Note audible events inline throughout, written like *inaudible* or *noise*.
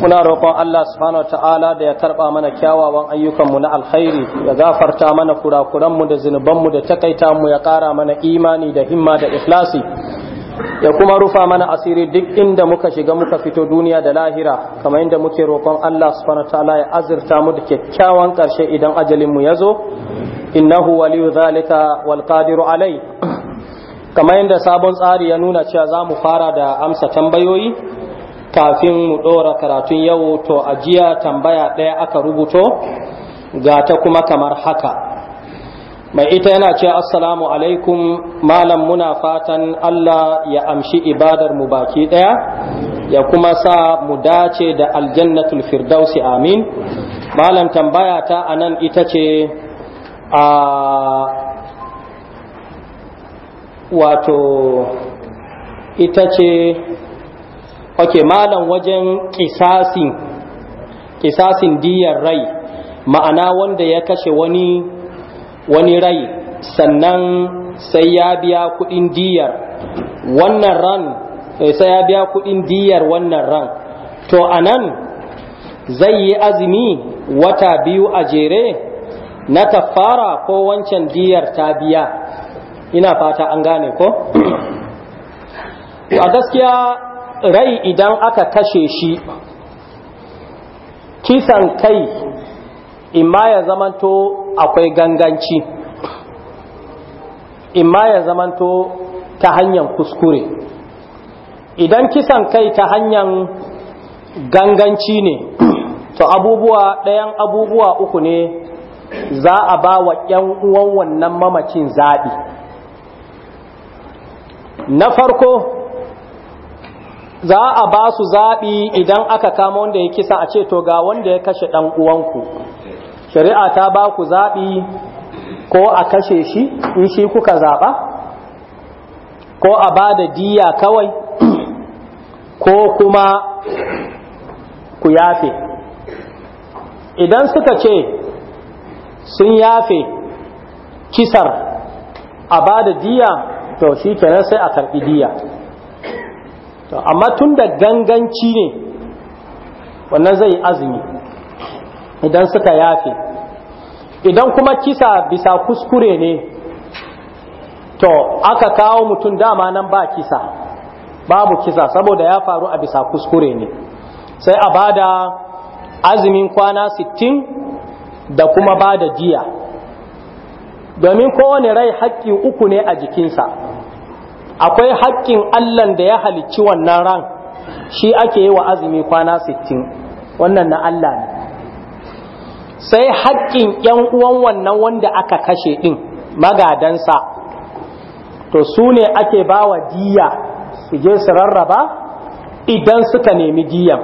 muna roƙon Allah subhanahu ta'ala da ya karɓa mana kyawawan ayyukanmu na alkhairi ya gafarta mana kurakuranmu da zunubanmu da takaita mu ya ƙara mana imani da himma da ikhlasi ya kuma rufa mana asiri duk inda muka shiga muka fito duniya da lahira kamar inda muke roƙon Allah subhanahu ta'ala ya azurta mu da kyakkyawan ƙarshe idan ajalin mu ya zo innahu waliyu zalika wal qadiru alai kamar yadda sabon tsari ya nuna cewa za mu fara da amsa tambayoyi kafin mu ɗora karatun yau to a jiya tambaya ɗaya aka rubuto ga ta kuma kamar haka mai ita yana ce assalamu alaikum malam muna fatan Allah ya amshi ibadar mu baki ɗaya ya kuma sa mu dace da aljannatul firdausi amin malam tambaya ta a nan ita ce a wato ita ce ok malam wajen kisasin kisasin diyar rai ma'ana wanda ya kashe wani wani rai sannan sai ya biya kudin diyar wannan ran eh, sai ya biya kudin diyar wannan ran to anan zai yi azumi wata biyu a jere na kafara ko wancan diyar ta biya ina fata an gane ko a gaskiya rai idan aka kashe shi kisan kai imma ya zamanto akwai ganganci imma ya zamanto ta hanyar kuskure idan kisan kai ta hanyar ganganci ne to abubuwa ɗayan abubuwa uku ne za a ba wa ‘yan uwan wannan mamacin zaɓi na farko za a ba su zaɓi idan aka kama wanda ya kisa a ce to ga wanda ya kashe ɗan uwanku shari'a ta ba ku zaɓi ko a kashe shi in shi kuka zaɓa ko a ba da diya kawai *clears throat* ko kuma ku yafe idan suka ce sun yafe kisar a ba da diya to shi kenan sai a karɓi diya to amma tun da ganganci ne wannan zai azumi idan suka yafe idan kuma kisa bisa kuskure ne to aka kawo mutum dama nan ba kisa babu kisa saboda ya faru a bisa kuskure ne sai a bada azumin kwana 60 da kuma bada jiya domin kowane rai haƙƙi uku ne a jikinsa akwai hakkin Allah da ya halicci wannan ran shi ake yi wa azumi kwana 60 wannan na Allah ne sai hakkin ‘yan uwan wannan wanda aka kashe din magadansa to su ne ake ba wa diya su je su rarraba idan suka nemi diyan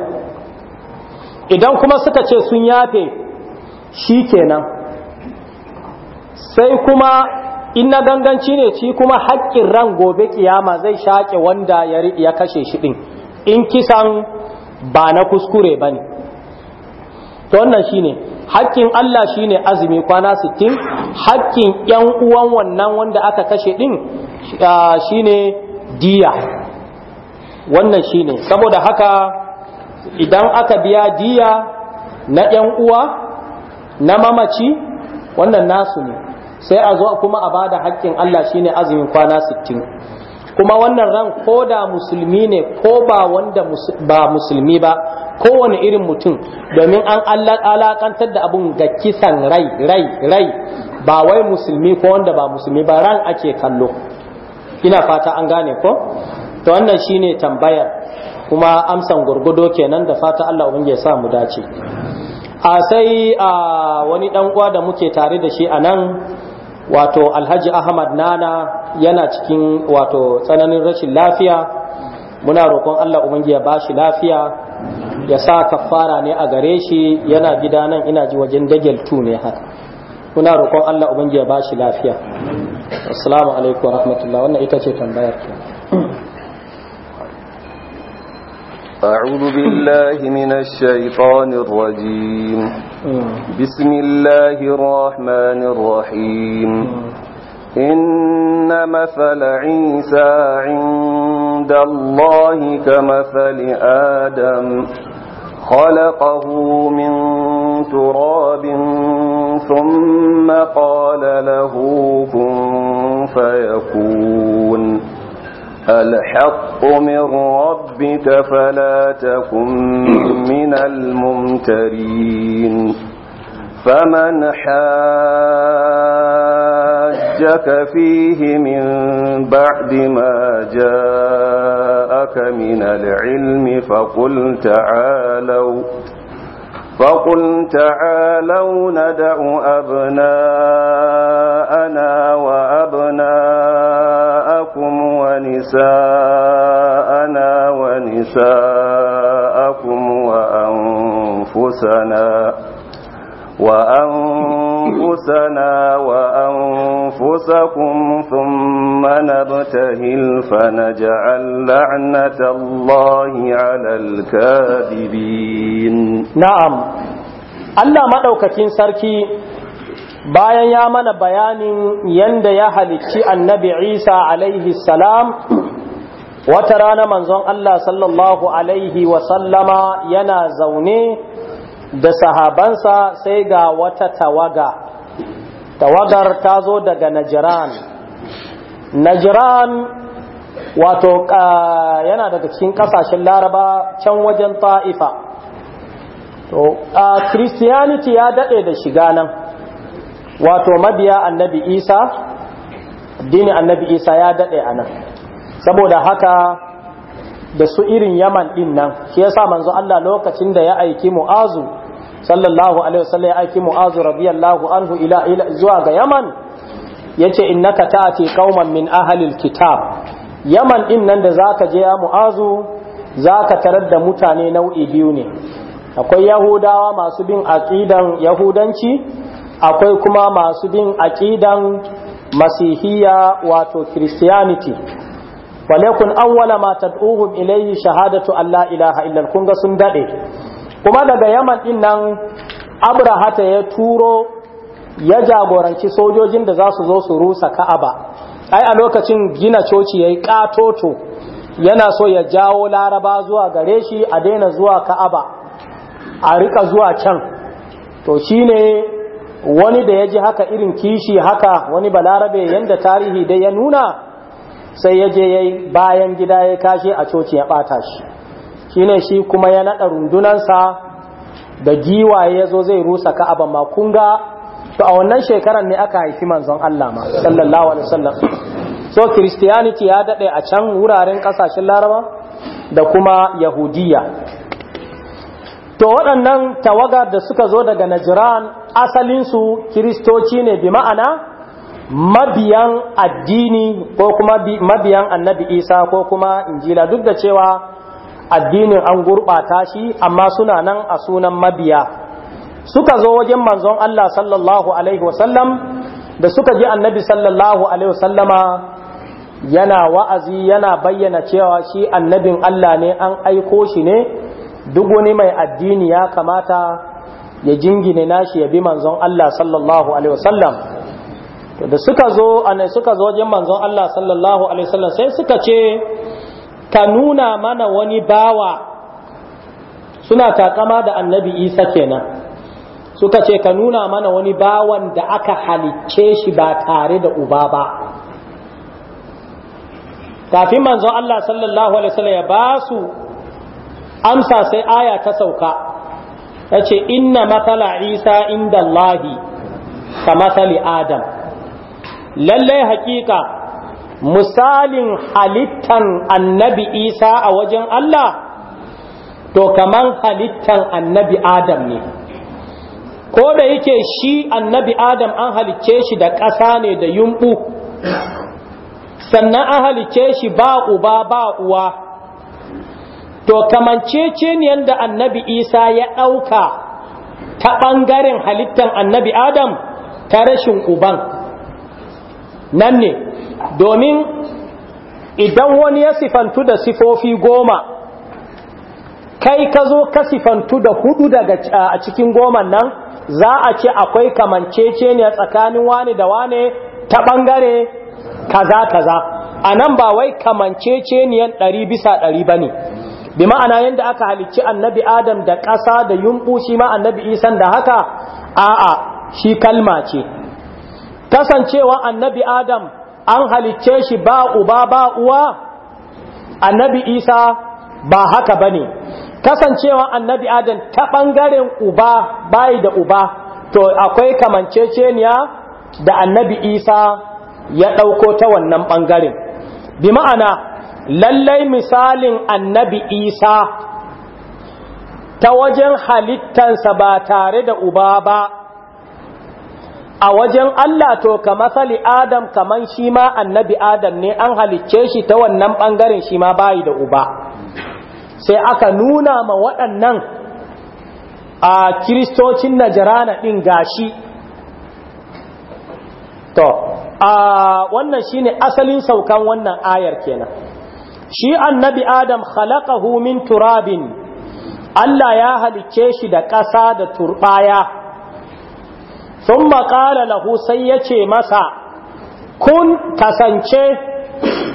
idan kuma suka ce sun yafe shi kenan sai kuma in na ganganci ne ci kuma haƙƙin ran gobe kiyama zai shaƙe wanda ya kashe shi ɗin in kisan ba na kuskure ba ne to wannan shi ne haƙƙin Allah shi ne azumi kwana 60 haƙƙin 'yan uwan wannan wanda aka kashe ɗin shi ne diya wannan shi ne, saboda haka idan aka biya diya na 'yan uwa na mamaci wannan nasu ne sai a zo kuma a bada hakkin Allah shine azumin kwana 60 kuma wannan ran ko da musulmi ne ko ba wanda ba musulmi ba kowane irin mutum domin an alakantar da abun ga kisan rai rai rai ba wai musulmi ko wanda ba musulmi ba ran ake kallo ina fata an gane ko to wannan shine tambayar kuma amsan gurgudo kenan da fata Allah ubangi ya sa mu dace a sai a wani dan uwa da muke tare da shi a nan wato alhaji ahmad nana yana cikin wato tsananin rashin lafiya muna roƙon allah ubangiya ya bashi lafiya ya sa kafara ne a gare shi yana gida nan ina ji wajen dagel tu ne haka muna roƙon allah ubangi ya bashi lafiya assalamu alaikum wa rahmatullah wannan ita ce tambayar أعوذ بالله من الشيطان الرجيم آه. بسم الله الرحمن الرحيم آه. إن مثل عيسى عند الله كمثل آدم خلقه من تراب ثم قال له كن فيكون الحق من ربك فلا تكن من الممترين فمن حاجك فيه من بعد ما جاءك من العلم فقل تعالوا فقل تعالوا ندع أبناءنا وأبناءنا ونساءنا ونساءكم وأنفسنا وأنفسنا وأنفسكم ثم نبتهل فنجعل لعنة الله على الكاذبين نعم الله مدوكتين سركي bayan ya mana bayanin yanda ya halicci annabi isa alaihi salam wata rana manzon Allah sallallahu alaihi wasallama yana zaune da sahabansa sai ga wata tawaga tawagar ta zo daga najiran najiran wato yana daga cikin kasashen laraba can wajen ta'ifa to christianity ya daɗe da shiga nan wato mabiya annabi isa dini annabi isa ya daɗe a nan saboda haka da su irin yaman ɗin nan shi yasa manzo Allah lokacin da ya aiki mu'azu sallallahu alaihi wasallam ya aiki mu'azu radiyallahu anhu ila ila zuwa ga yaman yace innaka ta'ati qauman min ahlil kitab yaman ɗin nan da zaka je ya mu'azu zaka tarar da mutane nau'i biyu ne akwai yahudawa masu bin aqidan yahudanci akwai kuma masu bin aqidan masihiya wato christianity walakin awwala ma tad'uhum ilayhi shahadatu alla ilaha illa kun ga sun dade kuma daga yaman din nan abrahata ya turo ya jagoranci sojojin da za su zo su rusa ka'aba ai a lokacin gina coci yayi katoto yana so ya jawo laraba zuwa gare shi a daina zuwa ka'aba a rika zuwa can to shine wani da ya ji haka irin kishi haka wani balarabe yadda tarihi dai ya nuna sai ya je ya yi bayan gida ya kashe a coci ya ɓata shi Shi ne shi kuma ya naɗa rundunansa da giwaye ya zo zai rusa ka'aba ma kunga. to a wannan shekarar ne aka haifi manzon Allah ma sallallahu alaihi wasallam so christianity ya daɗe a can wuraren ƙasashen laraba da kuma yahudiya to waɗannan tawagar da suka zo daga najran asalinsu kiristoci ne bi ma'ana mabiyan addini ko kuma mabiyan annabi isa ko kuma injila duk da cewa addinin an gurɓata shi amma suna nan a sunan mabiya suka zo wajen manzon Allah sallallahu alaihi wasallam da suka ji annabi sallallahu alaihi wasallama yana wa'azi yana bayyana cewa shi annabin Allah ne an aiko shi ne duk wani mai addini ya kamata ya jingine nashi ya bi manzon Allah sallallahu alaihi wasallam to da suka zo ana suka zo wajen manzon Allah sallallahu alaihi wasallam sai suka ce ka nuna mana wani bawa suna takama da annabi Isa kenan suka ce ka nuna mana wani bawan da aka halicce shi ba tare da uba ba kafin manzon Allah sallallahu alaihi wasallam ya ba su amsa sai aya ta sauka ya ce inna matsala isa inda Allahi ka matsali adam lallai hakika misalin halittan annabi isa a wajen Allah to kaman halittan annabi adam ne ko da yake shi annabi adam an halicce shi da ƙasa ne da yumɓu sannan an halicce shi ba uba ba uwa to kamanceceniyan da annabi isa ya ɗauka ta ɓangaren halittar annabi adam ta rashin uban nan ne domin idan wani ya sifantu da sifofi goma kai ka zo ka sifantu da hudu daga a cikin goman nan za a ce akwai ne tsakanin wane da wane ta ɓangare kaza kaza a nan ba wai kamanceceniyan ɗari bisa ɗari ba ne bi ma'ana yadda aka halicci annabi adam da ƙasa da yumɓu shi ma annabi Isa da haka a'a shi kalma ce kasancewa annabi adam an halicce shi ba uba ba uwa annabi isa ba haka ba ne kasancewa annabi adam ta ɓangaren uba bayi da uba to akwai kamanceceniya da annabi isa ya ɗauko ta wannan ɓangaren bi ma'ana lallai misalin annabi isa ta wajen halittansa ba tare da uba ba a wajen Allah to ka matsali adam kaman shi ma annabi adam ne an halicce shi ta wannan ɓangaren shi ma bayi da uba sai aka nuna ma waɗannan a kiristocin najarana ɗin gashi to a wannan shine asalin saukan wannan ayar kenan shi annabi adam khalaqahu min turabin Allah ya halicce shi da ƙasa da turbaya sun maƙala lahu sai ya ce masa kun kasance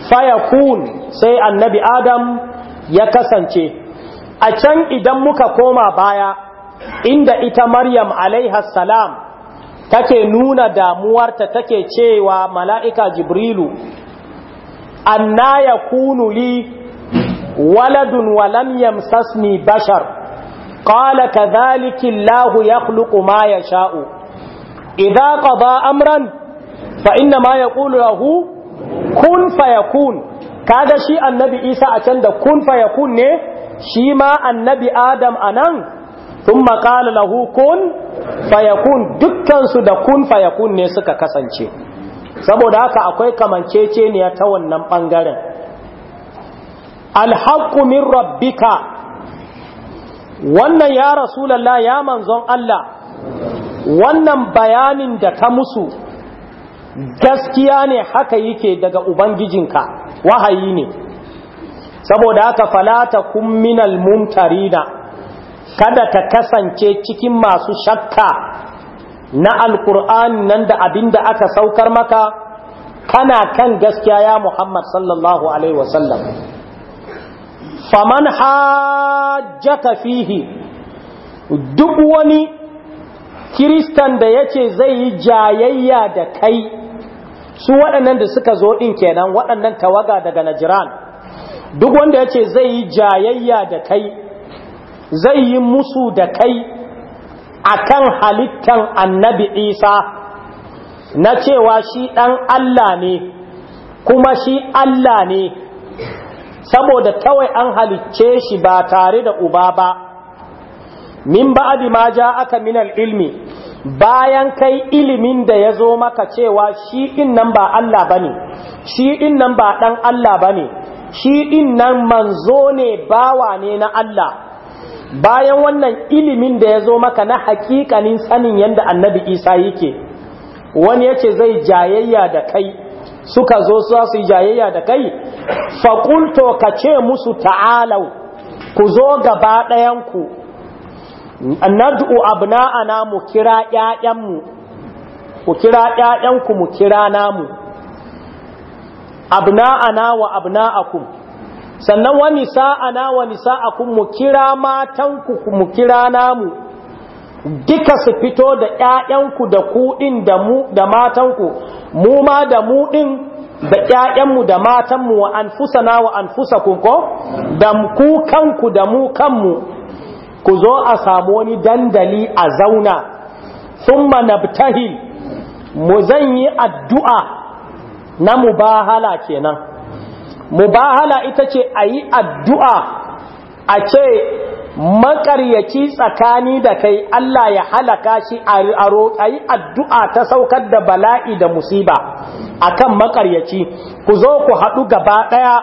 fayakun sai annabi adam ya kasance a can idan muka koma baya inda ita maryam alaihassalam salam take nuna damuwarta take cewa mala'ika jibrilu anna yakunu li waladun wa yamsasni bashar qala kadhalika Allahu yakhluqu ma yasha'u idza qada amran fa inna ma yaqulu lahu kun fayakun Kada shi annabi Isa a can da kun fayakun ne shi ma annabi Adam anan ثم قال له kun فيكون دكان سو da kun fayakun ne suka kasance saboda haka akwai kamanceceniya ta wannan ɓangaren alhakumin min rabbika wannan ya rasulallah ya manzon Allah wannan bayanin da ta musu gaskiya ne haka yake daga ubangijinka wahayi ne saboda haka falata kun minal mumtarina kada ta kasance cikin masu shakka na alkur'ani nan da abin da aka saukar maka kana kan gaskiya ya muhammad sallallahu alaihi wasallam faman hajjaka fihi duk wani kiristan da yace zai yi jayayya da kai su waɗannan da suka zo ɗin kenan waɗannan tawaga daga najiran duk wanda yace zai yi jayayya da kai zai yi musu da kai akan halittan annabi isa na cewa shi ɗan Allah ne kuma shi Allah ne saboda kawai an halicce shi ba tare da uba ba min ba adi ma ja aka minal ilmi bayan kai ilimin da ya zo maka cewa shi nan ba Allah bane shi nan ba ɗan Allah bane shi nan manzo ne bawa ne na Allah bayan wannan ilimin da ya zo maka na hakikanin sanin yadda annabi isa yake wani yace zai jayayya da kai suka zo za su yi jayayya da kai faƙulto ka ce musu ta'alau ku zo gaba ɗayanku nad'u abna'ana mu kira ƴaƴanmu ku kira ƴaƴanku mu kira namu abna'ana wa abna'akum sannan wa nisa'ana wa nisa'akum mu kira matanku mu kira namu duka su fito da 'ya'yanku da kuɗin da mu da matanku mu ma da mu ɗin da 'ya'yanmu da matanmu wa anfusana wa anfusakum ko da ku kanku da mu kanmu ku zo a samu wani dandali a zauna thumma nabtahil mu zan yi addu'a na mubahala kenan mubahala ita ce a yi addu'a a ce makaryaci tsakani da kai Allah ya halaka shi a roƙayi addu'a ta saukar da bala'i da musiba a kan makaryaci ku zo ku haɗu gaba ɗaya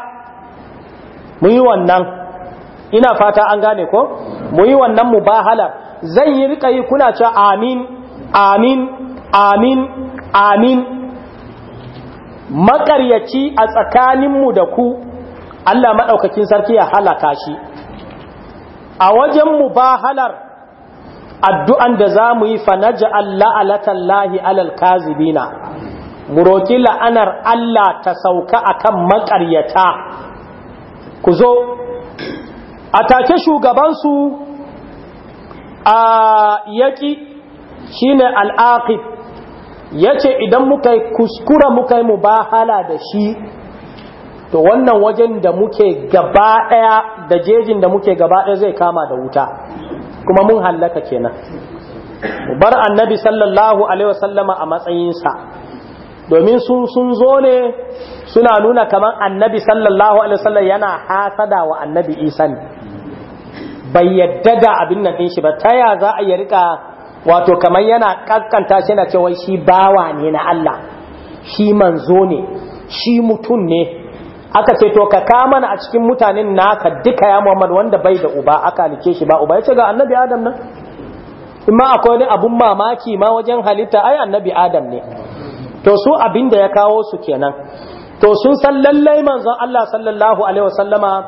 mu yi wannan ina fata an gane ko mu yi wannan mu zai yi rika yi kuna ce amin amin amin amin makaryaci a tsakaninmu da ku Allah maɗaukakin sarki ya halaka shi a wajen mubahalar addu'an da za mu yi fanaja Allah alatallahi alal kazibina muroki la'anar Allah ta sauka akan makaryata ku zo a take shugabansu a yaƙi ne al'aqib ya ce idan muka yi kuskura muka yi mubahala da shi to wannan wajen da muke gaba ɗaya da jejin da muke gaba ɗaya zai kama da wuta kuma mun hallaka kenan bar annabi sallallahu alaihi wasallama a matsayinsa domin sun sun zo ne suna nuna kamar annabi sallallahu alaihi wasallam yana hasada wa annabi isa ne bai yadda da abin nan shi ba ta ya za a yi rika wato kamar yana kakkanta shi na cewa shi bawa ne na Allah shi manzo ne shi mutum ne aka ce to ka kama a cikin mutanen naka duka ya Muhammad wanda bai da uba aka nike shi ba uba yace ga annabi Adam nan amma akwai wani abun mamaki ma wajen halitta ai annabi Adam ne to su abin da ya kawo su kenan to sun san lallai manzon Allah sallallahu alaihi wasallama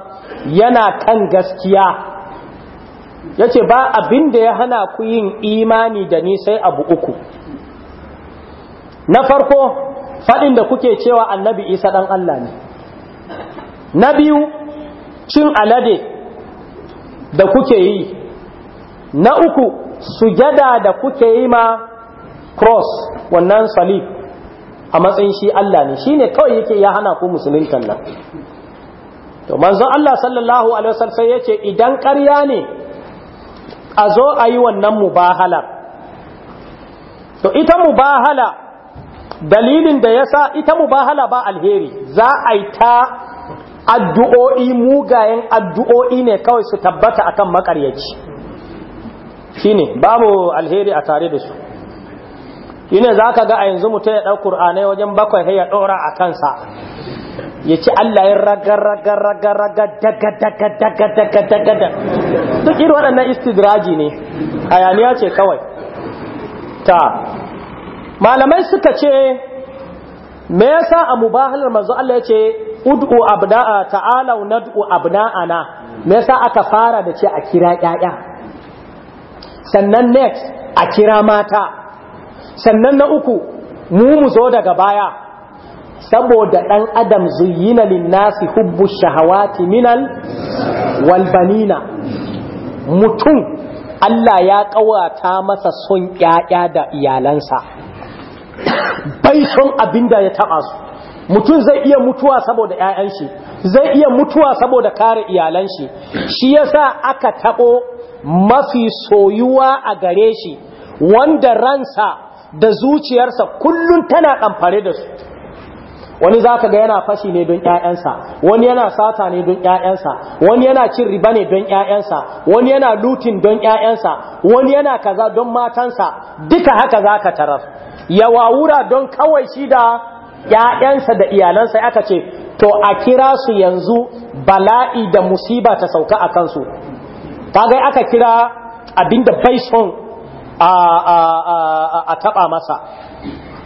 yana kan gaskiya yace ba abin da ya hana ku yin imani da ni sai abu uku na farko faɗin da kuke cewa annabi isa ɗan Allah ne na biyu cin alade da kuke yi na uku sujada da kuke yi ma cross wannan salib a matsayin shi Allah ne shi ne kawai yake ya hana ku musuluntan nan to manzon Allah sallallahu alaihi wasallam sai yace idan ƙarya ne a zo a yi wannan mubahalar to ita mubahala dalilin da ya sa ita mubahala ba alheri za a yi ta addu'o'i mugayen addu'o'i ne kawai su tabbata akan makaryaci ne babu alheri a tare da su shine za ka ga a yanzu mutum ya ɗau ƙur'anai wajen bakwai ya ɗora a kansa ya ci Allah ya raga raga raga raga daga daga daga daga daga duk irin waɗannan istidraji ne hayaniya ce kawai ta malamai suka ce me yasa a mubahalar manzo Allah ya ce ud'u abna'a ta'alau nad'u abna'ana me yasa aka fara da ce a kira ƴaƴa sannan next a kira mata sannan na uku mu mu zo daga baya saboda ɗan adam zuyina linnasi hubbu shahawati minal walbanina mutum Allah ya kawata masa son ƴaƴa da iyalansa bai son abin ya taɓa su mutum zai iya mutuwa saboda 'ya'yan shi zai iya mutuwa saboda kare iyalan shi shi yasa aka taɓo mafi soyuwa a gare shi wanda ransa da zuciyarsa kullun tana kamfare da su wani za ka ga yana fashi ne don ƴaƴansa wani yana sata ne don ƴaƴansa wani yana cin riba ne don ƴaƴansa wani yana lutin don ƴaƴansa wani yana kaza don matansa duka haka za ka tarar ya wawura don kawai shi da ƴaƴansa da iyalansa aka ce to a kira su yanzu bala'i da musiba ta sauka a kansu kaga aka kira abinda bai son a, a, a taɓa masa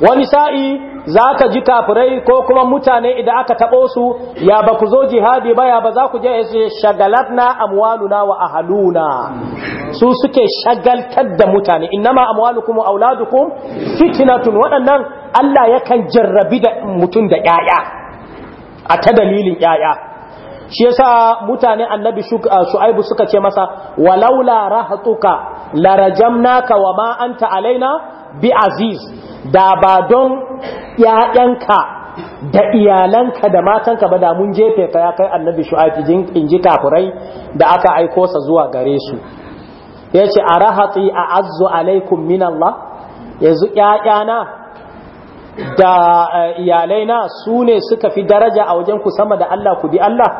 wani sa'i za ka ji kafirai ko kuma mutane idan aka taɓo su ya ba ku zo jihadi ba ya ba za ku je su shagalatna amwaluna wa ahaluna su suke shagaltar da mutane ma amwalukum wa auladukum fitnatun waɗannan Allah yakan jarrabi da mutum da ƴaƴa a ta dalilin ƴaƴa shi yasa mutane annabi shu'aibu suka ce masa walaula rahatuka larajamnaka wa ma anta alaina bi aziz da ba don ‘ya'yanka da iyalanka da matanka ba da mun jefe ka ya kai annabi shu'aib in ji kafurai da aka aiko sa zuwa gare su ya ce a alaikum a azzu alaikum yanzu ‘ya'yana da eh, iyalaina su ne suka fi daraja a wajen ku sama da Allah ku bi Allah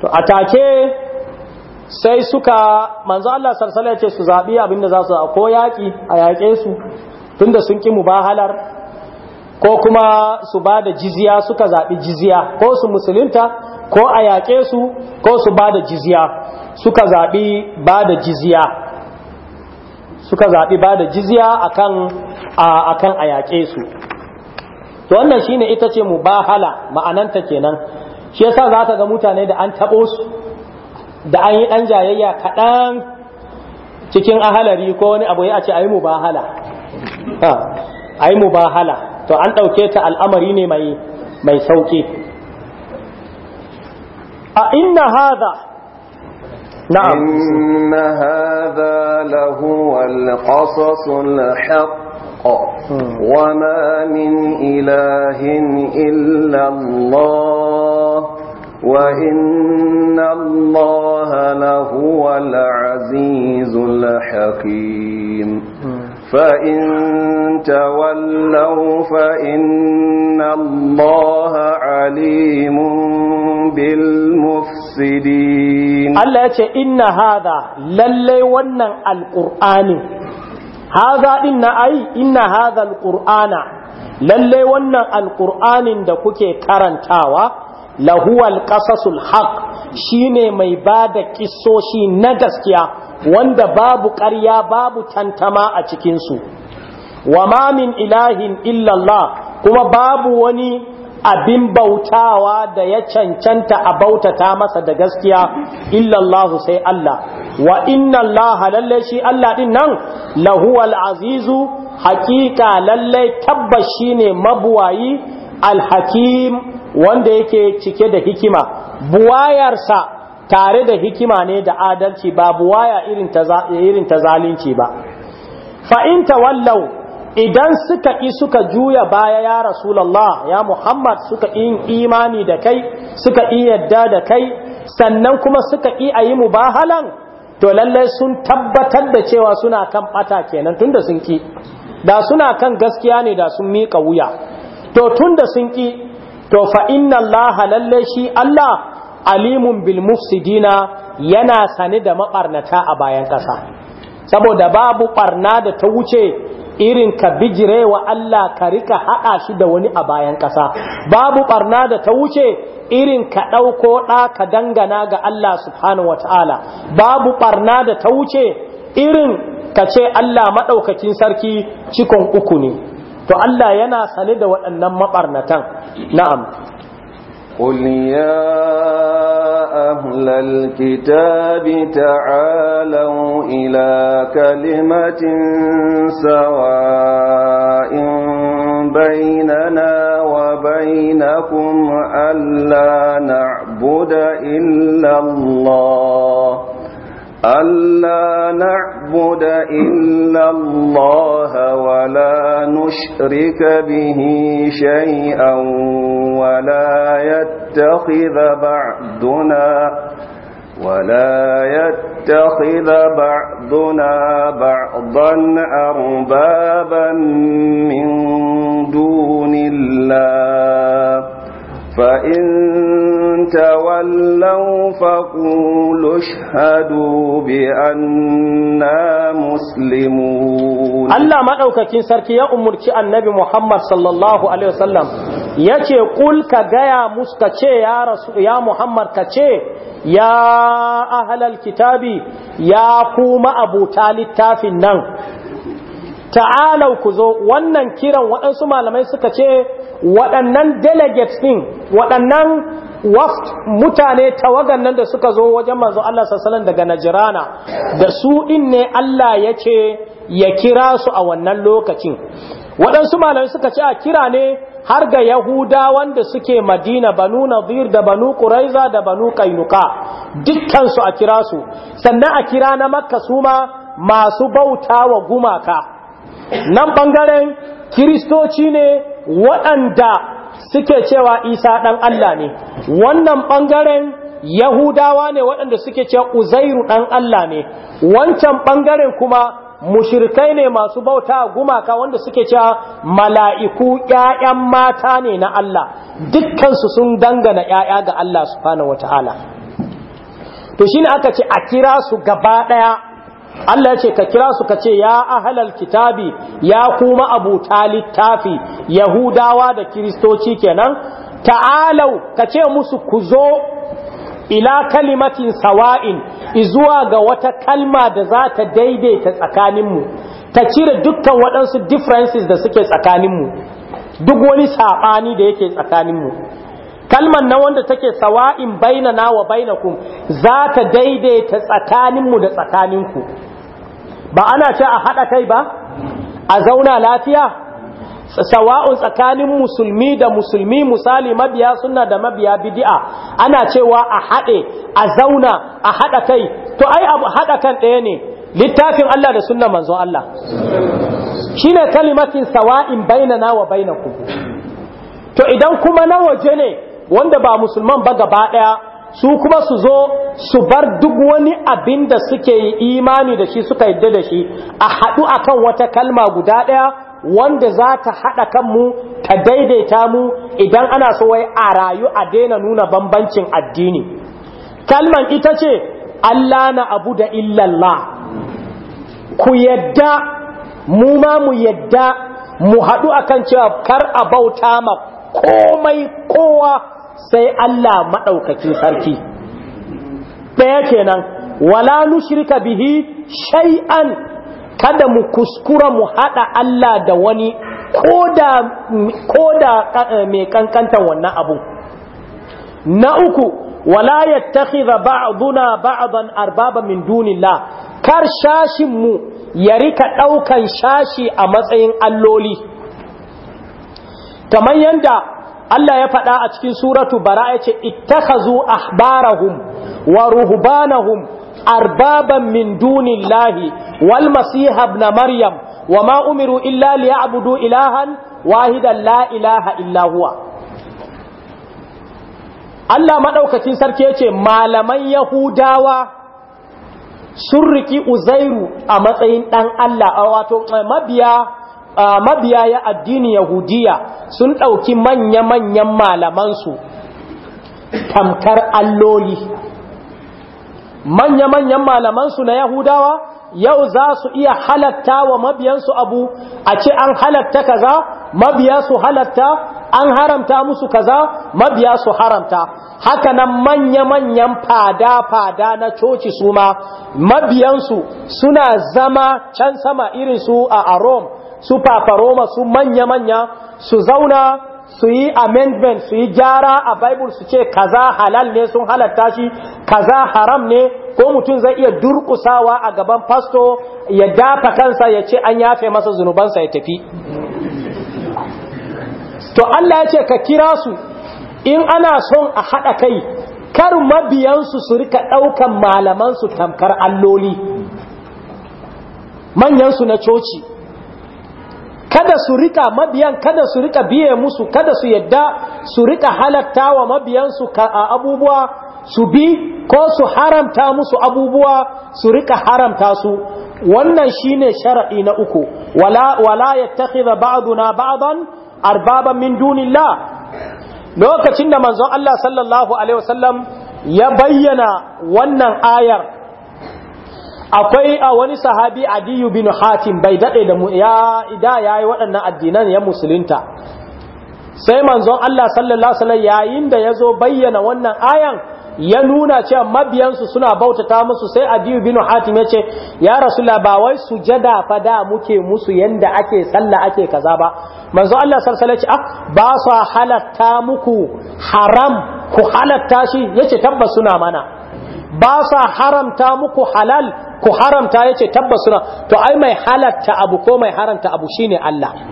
to a take sai suka manzo Allah sarsala ce su zabi abinda za su ko yaki a yaƙe su tunda sun ki mubahalar ko kuma su bada jizya suka zabi jizya ko su musulunta ko a yaƙe su ko su bada jizya suka zabi bada jizya suka zabi bada jizya akan akan a yaƙe su to wannan shine ita ce mubahala ma'ananta kenan shi yasa za ka ga mutane da an taɓo su da an yi ɗan jayayya kaɗan cikin ahalari ko wani abu ya ce a yi mubahala a yi hala. to an ɗauke ta al'amari ne mai sauƙi a inna hada نعم إن هذا لهو القصص الحق وما من إله إلا الله وَإِنَّ اللَّهَ لَهُوَ الْعَزِيزُ الْحَكِيمُ فَإِن تَوَلَّوْا فَإِنَّ اللَّهَ عَلِيمٌ بِالْمُفْسِدِينَ Allah yace inna hadha lallai wannan alqur'ani hadha inna ai inna hadha alqur'ana lallai wannan alqur'anin da kuke karantawa lahuwal ƙasasul haq shine mai bada kissoshi na gaskiya wanda babu ƙarya babu tantama a cikin su wa ma min ilahin illallah kuma babu wani abin bautawa da ya cancanta a bautata masa da gaskiya illallahu sai Allah wa inna Allah lalle shi Allah din nan lahuwal azizu haƙiƙa lalle tabbas shine mabuwayi alhakim wanda yake cike da hikima buwayarsa tare da hikima ne da adalci ba buwaya irin ta zalunci ba Fahimta wallau, idan suka ƙi suka juya baya ya rasulallah ya muhammad suka yin imani da kai suka yi yadda da kai sannan kuma suka yi a yi mubahalan to lallai sun tabbatar da cewa suna kan ɓata kenan tunda sun ƙi da suna kan gaskiya ne da sun miƙa wuya to tun da sun ƙi to fa inna Allah lalle shi Allah alimun bil mufsidina yana sane da maɓarnata a bayan kasa saboda babu ɓarna da ta wuce irin ka bijire wa Allah ka rika haɗa shi da wani a bayan ƙasa babu ɓarna da ta wuce irin ka ɗauko ɗa ka dangana ga Allah subhanahu wa ta'ala babu ɓarna da ta wuce irin ka ce Allah maɗaukakin sarki cikon uku ne to Allah yana sane da waɗannan mabarnatan na'am قل يا أهل الكتاب تعالوا إلى كلمة سواء بيننا وبينكم ألا نعبد إلا الله ألا نعبد إلا الله ولا نشرك به شيئا ولا يتخذ بعضنا ولا يتخذ بعضنا بعضا أربابا من دون الله فإن تولوا فقولوا اشهدوا بأننا مسلمون الله ما أوكاكين سركي يا أمركي النبي محمد صلى الله عليه وسلم yace kul ka gaya musu ka ce ya rasu ya muhammad ka ce ya ahlal kitabi ya kuma abuta littafin nan ta'alau ku zo wannan kiran waɗansu malamai suka ce waɗannan delegates ɗin waɗannan waft mutane tawagan nan da suka zo wajen manzo Allah sassalan daga Najirana da su in ne Allah ya ce ya kira su a wannan lokacin waɗansu malamai suka ce a kira ne har ga Yahuda wanda suke Madina banu Nadir da banu kuraiza da banu Kainuka dukkansu a kira su sannan a kira na Makka su masu bauta wa gumaka nan bangaren kiristoci ne waɗanda suke cewa isa ɗan Allah ne wannan ɓangaren yahudawa ne waɗanda suke cewa uzairu ɗan Allah ne wancan ɓangaren kuma mushirkai ne masu bauta gumaka wanda suke cewa mala'iku ‘ya'yan mata ne na Allah dukkansu sun dangana ‘ya'ya ga Allah su fana wata'ala to shi ne aka ce a kira su gaba ɗaya Allah ya ce ka kira su ka ce ya ahalal kitabi ya kuma abuta littafi yahudawa da kiristoci kenan ta'alau ka ce musu ku zo ila kalimatin sawa'in izuwa ga wata kalma da za ta daidaita tsakaninmu ta cire dukkan waɗansu differences da suke tsakaninmu duk wani saɓani da yake tsakaninmu kalman na wanda take sawa'in bainana wa bainakum za ta daidaita tsakaninmu da tsakaninku ba ana ce a haɗa kai ba a zauna lafiya sawa'un tsakanin musulmi da musulmi misali mabiya suna da mabiya bidi'a ana cewa a haɗe a zauna a haɗa kai to ai haɗa kan ɗaya ne littafin Allah da suna manzon Allah shine kalimatin sawa'in bainana wa bainakum to idan kuma na waje ne wanda ba musulman ba gaba ɗaya su kuma su zo su bar duk wani abin da suke yi imani da shi suka yadda da shi a haɗu akan wata kalma guda ɗaya wanda za ta haɗa kanmu ta daidaita mu idan ana so wai a rayu a daina nuna bambancin addini kalman ita ce Allah na abu da illallah ku yadda mu ma mu yadda mu haɗu akan cewa kar a bauta ma komai kowa sai Allah maɗaukakin sarki ɗaya kenan wala nushrika bihi shay'an kada mu kuskura mu haɗa Allah da wani ko da eh, mai kankantan wannan abu na uku wala yattakhidha ba'duna ba'dan arbaba min dunillah kar shashin mu ya rika ɗaukan shashi a matsayin alloli kamar yanda Allah ya faɗa a cikin suratu bara ya ce ittakhazu ahbarahum wa ruhbanahum arbaban min dunillahi wal masiha ibn maryam wa ma umiru illa liya'budu ilahan wahidan la ilaha illa huwa Allah madaukakin sarki yace ce malaman yahudawa sun riki uzairu a matsayin dan Allah wato mabiya mabiya ya addini yahudiya sun ɗauki manya-manyan malamansu tamkar alloli manya-manyan malamansu na yahudawa yau za su iya halatta wa mabiyansu abu a ce an halatta kaza mabiya su halatta an haramta musu kaza mabiya su haramta haka nan manya-manyan fada-fada na coci suma, ma mabiyansu suna zama can sama irin su a rome su fafaro su manya-manya su zauna su yi amendment su yi jara a bible su ce kaza halal ne sun halatta shi kaza haram ne ko mutum zai iya durkusawa a gaban pasto ya dafa kansa ya ce an yafe masa zunubansa ya tafi to Allah ya ce ka kira su in ana son a haɗa kai kar mabiyansu su rika ɗaukan malamansu tamkar alloli manyansu na coci kada su rika mabiyan kada su rika biye musu kada su yadda su rika halatta wa mabiyansu abubuwa su bi ko su haramta musu abubuwa su rika haramta su wannan shine shara'i na uku wala wala yattakhidha ba'duna ba'dan arbaban min dunillah lokacin da manzon Allah sallallahu alaihi wasallam ya bayyana wannan ayar akwai a ah, wani sahabi adiyu bin hatim bai daɗe da ya ida ya yi waɗannan addinan ya musulunta sai manzon Allah sallallahu alaihi yayin da ya zo bayyana wannan ayan ya nuna cewa mabiyansu suna bautata musu sai adiyu bin hatim ya ce ya rasulullah ba wai sujada fa da muke musu yanda ake sallah ake kaza ba manzon Allah sallallahu alaihi wasallam ah, ba su halatta muku haram ku halatta shi yace tabbas suna mana ba sa haramta muku halal ku haramta yace tabbas suna to ai mai halatta abu ko mai haramta abu shine Allah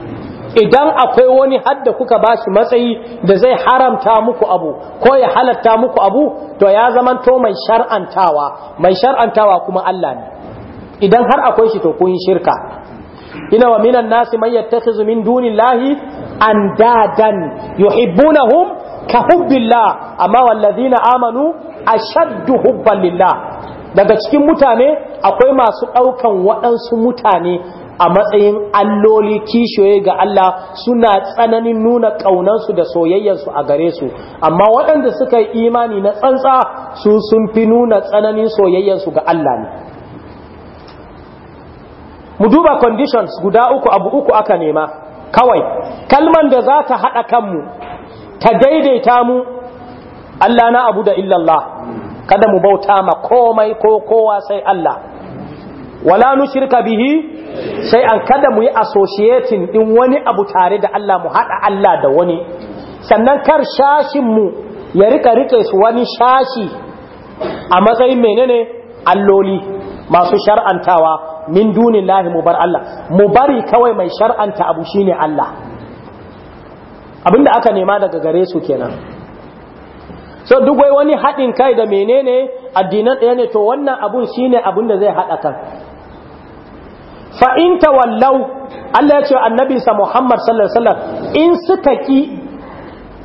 idan akwai wani hadda kuka bashi matsayi da zai haramta muku abu ko ya halatta muku abu to ya zamanto mai shar'antawa mai shar'antawa kuma Allah ne idan har akwai shi to kun shirka ina wa minan nasi man yattakhidhu min dunillahi andadan yuhibbunahum ka hubbillah amma wallazina amanu ashaddu hubban lillah daga cikin mutane akwai masu ɗaukan waɗansu mutane a matsayin alloli kishiyoyi ga Allah suna tsananin nuna ƙaunansu da soyayyarsu a gare su amma waɗanda suka yi imani na tsantsa su sun fi nuna tsananin soyayyarsu ga Allah ne mu duba conditions guda uku abu uku aka nema kawai kalman da za ta haɗa kanmu ta daidaita mu Allah na abu da illallah kada mu bauta ma komai ko kowa sai Allah wala nu shirka bihi sai an kada mu yi associating din wani abu tare da Allah mu hada Allah da wani sannan kar shashin mu ya rika rike su wani shashi a matsayin menene alloli masu shar'antawa min lahi mu bar Allah mu bari kawai mai shar'anta abu shine Allah abinda aka nema daga gare su kenan so duk wai wani haɗin kai da menene addinan ɗaya ne to wannan abun shine abun da zai haɗa kan fa in tawallau Allah ya ce annabi sa Muhammad sallallahu alaihi wasallam in suka ki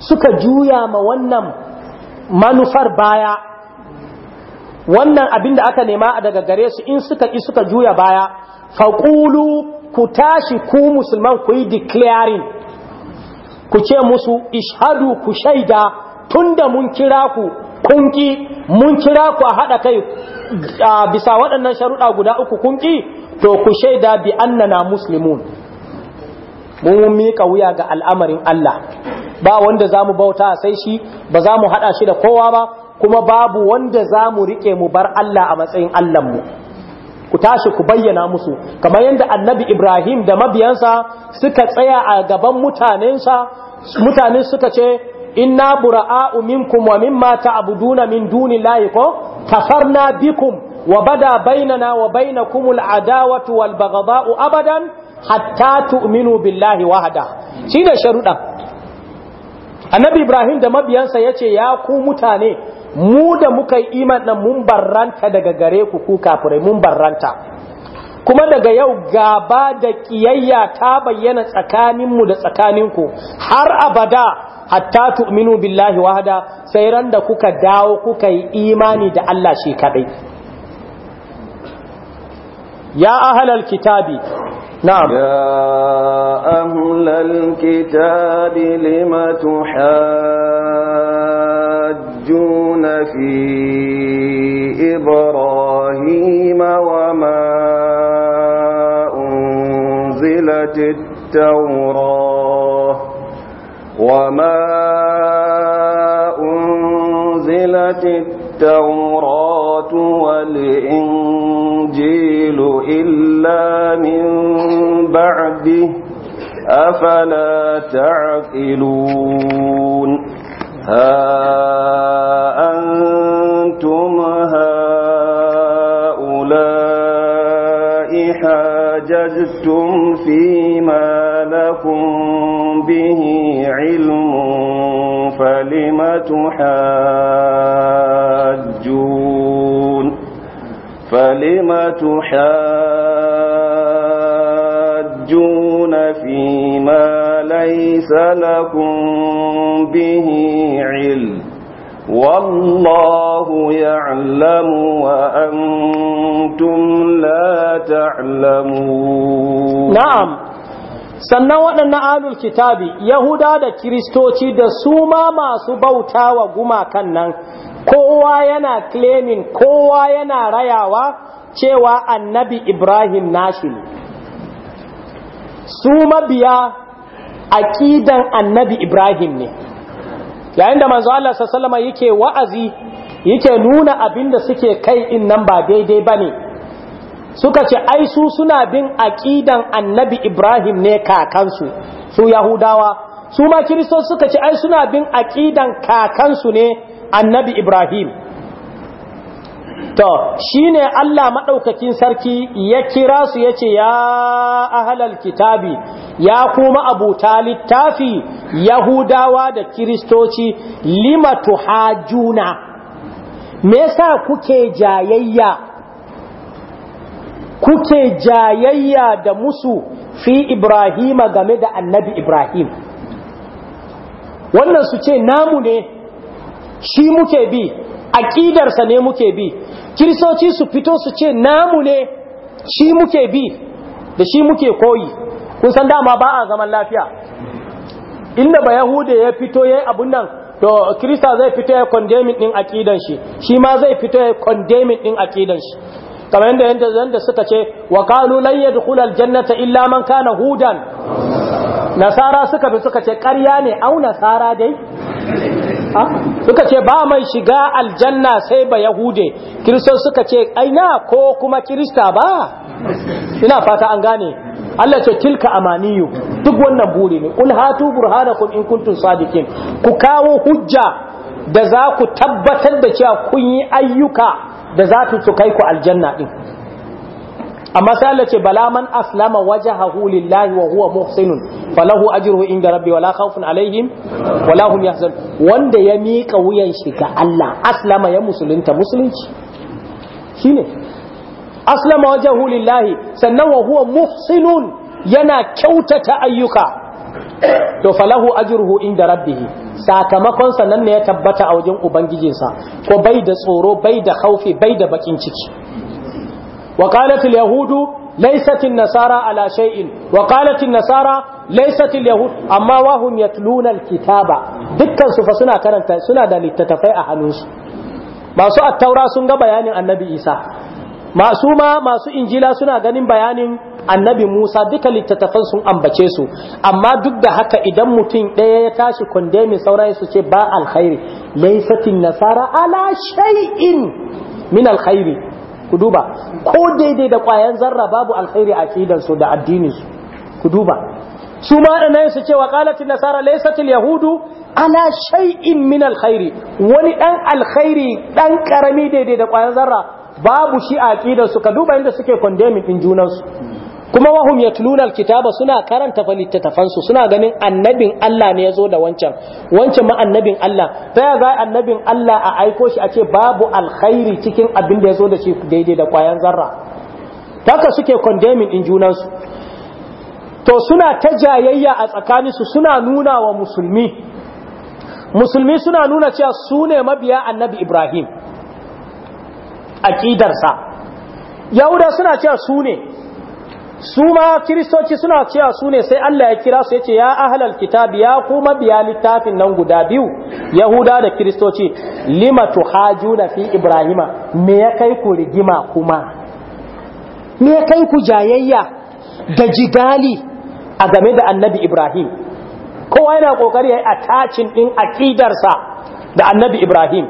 suka juya ma wannan manufar baya wannan abin da aka nema daga gare su in suka ki suka juya baya faƙulu ku tashi ku musulman ku yi declaring ku ce musu ishadu ku shaida tunda mun kira ku kunki mun kira ku a haɗa kai bisa waɗannan sharuɗa guda uku kunki to ku shaida bi annana muslimun mun mika wuya ga al'amarin Allah ba wanda zamu bauta sai shi ba za mu haɗa shi da kowa ba kuma babu wanda zamu mu riƙe mu bar Allah a matsayin mu. ku tashi ku bayyana musu kamar yadda annabi ibrahim da mabiyansa suka tsaya a gaban mutanensa mutane suka ce inna bura'a'u minkum wa mimma ta'buduna min dunillahi ko kafarna bikum wa bada bainana wa bainakumul adawatu wal baghdha'u abadan hatta tu'minu billahi wahda shine sharuda annabi ibrahim da mabiyansa yace ya ku mutane mu da muka yi iman nan mun barranta daga gare ku ku kafirai mun barranta kuma daga yau gaba da kiyayya ta bayyana tsakaninmu da tsakanin ku har abada hatta tu'minu billahi wahda sai ran da kuka dawo kuka yi imani da Allah shi kadai ya ahlal kitabi na'am ya ahlal kitabi لم يحجون في إبراهيم وما أنزلت التوراة وما أنزلت التوراة والإنجيل إلا من بعده أفلا تعقلون ها أنتم هؤلاء حاججتم فيما لكم به علم فلم تحاجون فلم تحاجون فيما ليس لكم به علم والله يعلم وأنتم لا تعلمون نعم sannan waɗannan alul kitabi yahuda da kiristoci da su ma masu bauta wa gumakan nan kowa yana claiming kowa yana rayawa cewa annabi ibrahim nashi su mabiya aqidan annabi Ibrahim ne yayin da manzo Allah sallallahu yake wa'azi yake nuna abinda suke kai in nan ba daidai bane suka ce ai su suna bin aqidan annabi Ibrahim ne kakansu su Yahudawa su ma Kiristoci suka ce ai suna bin aqidan kakansu ne annabi Ibrahim to shi ne Allah maɗaukakin sarki ya kira su yace ya halal kitabi ya kuma abuta littafi yahudawa da Kiristoci lima juna. me yasa kuke jayayya kuke jayayya da musu fi ibrahima game da annabi ibrahim wannan su ce namu ne shi muke bi aƙidarsa ne muke bi kiristoci su fito su ce namu ne shi muke bi da shi muke koyi kun san dama ba a zaman lafiya inda ba yahude ya fito ya yi abun nan to kirista zai fito ya condemning din akidan shi shi ma zai fito ya condemning din akidan shi kamar yadda yadda yadda suka ce wa qalu lan yadkhul aljannata illa man kana hudan nasara suka bi suka ce ƙarya ne au nasara dai suka ce ba mai shiga aljanna sai ba yahude kiristan suka ce aina ko kuma kirista ba ina fata an gane Allah ce tilka amaniyu duk wannan buri ne ul hatu burhanakum in kuntum sadikin ku kawo hujja da za ku tabbatar da cewa kun yi ayyuka da za su kai ku aljanna din amma sai Allah ce bala man aslama wajhahu lillahi wa huwa muhsinun falahu ajruhu inda rabbi wala khawfun alaihim wala hum yahzan wanda ya miƙa wuyan shi ga Allah aslama ya musulunta musulunci shine aslama wajhahu lillahi sannan wa huwa muhsinun yana kyautata ayyuka to falahu ajruhu inda rabbih sakamakon sa nan ne ya tabbata a wajen ubangijinsa ko bai da tsoro bai da khaufi bai da bakin ciki wa yahudu laisatin nasara ala shay'in wa nasara laysat Yahudu yahud amma wa hum kitaba dukkansu su fa suna karanta suna da littattafai a hannunsu masu attaura sun ga bayanin annabi isa masu masu injila suna ganin bayanin annabi Musa duka littattafan sun ambace su amma duk da haka idan mutum ɗaya ya tashi kondemin saurayi su ce ba alkhairi laifatin nasara ala shay'in min alkhairi ku duba ko daidai da kwayan zarra babu alkhairi a su da su. ku duba su ma da nayi su wa qalatin nasara laysatil yahudu ala shay'in min alkhairi wani dan alkhairi dan karami daidai da kwayan zarra babu shi a su ka duba inda suke condemning din su. kuma wahum tulunar kitaba suna karanta fa suna ganin annabin Allah ne yazo da wancan wancan ma annabin Allah ta za annabin Allah a aiko shi a ce babu alkhairi cikin abin da yazo da shi daidai da kwayan zarra taka suke condemning in junan su to suna ta jayayya a tsakaninsu suna nuna wa musulmi musulmi suna nuna cewa su ne mabiya annabi ibrahim aƙidarsa yahuda suna cewa su ne su ma kiristoci suna cewa su ne sai Allah ya kira su ya ce ya ahalal kitab ya kuma biya littafin nan guda biyu yahuda da kiristoci lima na fi ibrahima me ya kai ku rigima kuma me ya kai ku jayayya da jigali a game da annabi ibrahim kowa yana kokari ya yi attachin din akidarsa da annabi ibrahim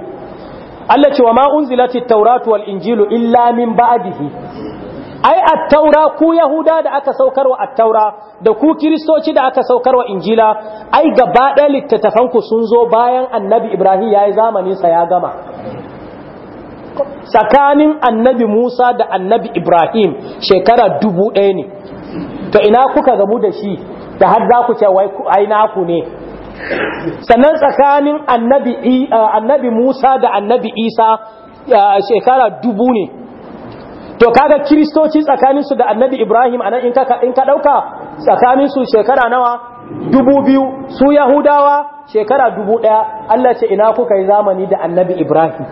Allah ce wa ma unzilati tauratu wal injilu illa min ba'dihi ai attaura ku yahuda da aka saukar saukarwa attaura da ku kiristoci da aka saukar wa injila ai gaba ɗaya littattafan ku sun zo bayan annabi ibrahim yayi zamanin sa ya gama tsakanin annabi musa da annabi ibrahim shekara dubu ɗaya ne to ina kuka gamu da shi da har za ku ce ai naku ne sannan tsakanin annabi eh, musa da annabi isa eh, shekara dubu ne to kaga kiristoci tsakaninsu da annabi ibrahim anan in ka in ka dauka tsakaninsu shekara nawa dubu biyu su yahudawa shekara dubu daya Allah ce ina kuka yi zamani da annabi ibrahim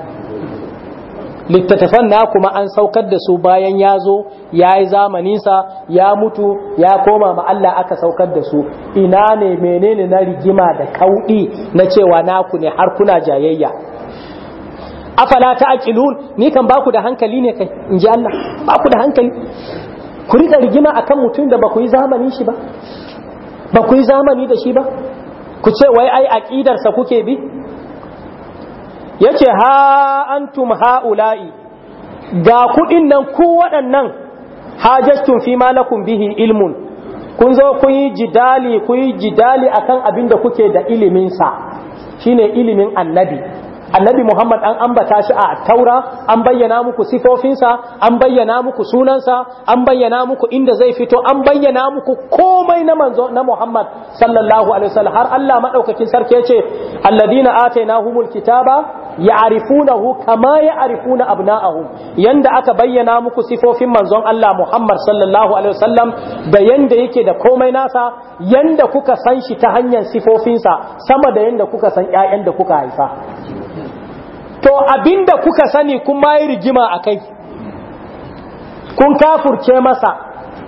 littattafan na kuma an saukar da su bayan ya zo ya yi zamaninsa ya mutu ya koma ma Allah aka saukar da su ina ne menene na rigima da kauɗi na cewa naku ne har kuna jayayya afala ta aqilun ni kan baku da hankali ne kai in ji Allah baku da hankali ku rika rigima akan mutum da baku yi zamani shi ba baku yi zamani da shi ba ku ce wai ai sa kuke bi yace ha antum haula'i ga kudin nan ku waɗannan hajjastun fi malakum bihi ilmun kun zo kun yi jidali kun yi jidali akan abin da kuke da iliminsa shine ilimin annabi annabi Muhammad an ambata shi a taura an bayyana muku sifofinsa an bayyana muku sunansa an bayyana muku inda zai fito an bayyana muku komai na manzo na Muhammad sallallahu alaihi wasallam har Allah madaukakin sarki yace alladina atainahumul kitaba ya'rifunahu kama ya'rifuna abna'ahum yanda aka bayyana muku sifofin manzon Allah Muhammad sallallahu alaihi wasallam da yanda yake da komai nasa yanda kuka san shi ta hanyar sifofinsa sama da yanda kuka san ƴaƴan da kuka haifa to abinda kuka sani kun ma rigima a kai kun kafurce masa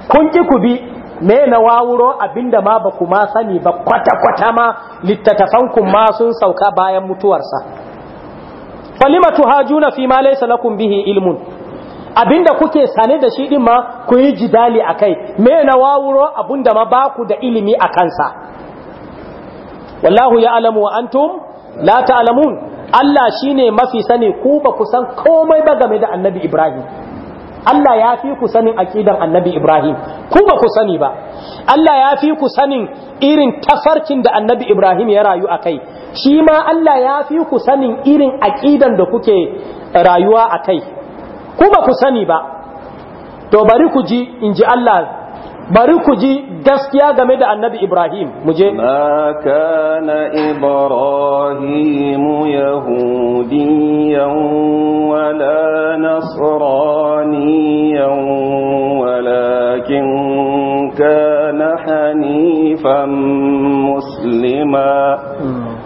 kun ki ku bi me na wawuro abinda ma ba ku ma sani ba kwata-kwata ma littattafanku ma sun sauka bayan mutuwarsa falimatu hajuna fi ma laysa lakum bihi ilmun abinda kuke sane da shi din ma ku yi jidali akai me na wawuro abinda ma ba ku da ilimi a kansa wallahu ya'lamu wa antum la ta'lamun Allah shine mafi sani ku ba ku san komai ba game da annabi Ibrahim Allah ya fi ku sanin aqidan annabi Ibrahim ku ba ku sani ba Allah ya fi ku sanin irin tafarkin da annabi Ibrahim ya rayu a kai shi ma Allah ya fi ku sanin irin aƙidan da kuke rayuwa a kai ku ba ku sani ba to bari ku ji in ji Allah bari ku ji gaskiya game da annabi Ibrahim muje ma kana Ibrahim yahudiyan wala nasraniyan walakin kana hanifan muslima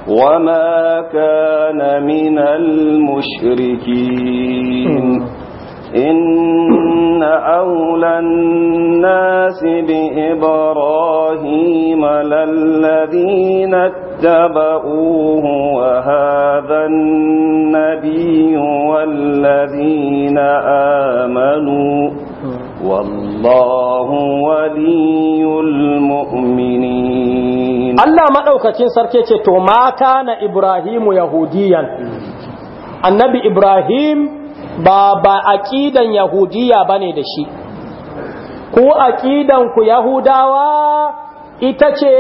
وما كان من المشركين إن أولى الناس بإبراهيم للذين اتبعوه وهذا النبي والذين آمنوا والله ولي المؤمنين الله ما أوكتين سركيتي ما كان إبراهيم يهوديا النبي إبراهيم ba ba aqidan yahudiya bane da shi ku aqidan ku yahudawa ita ce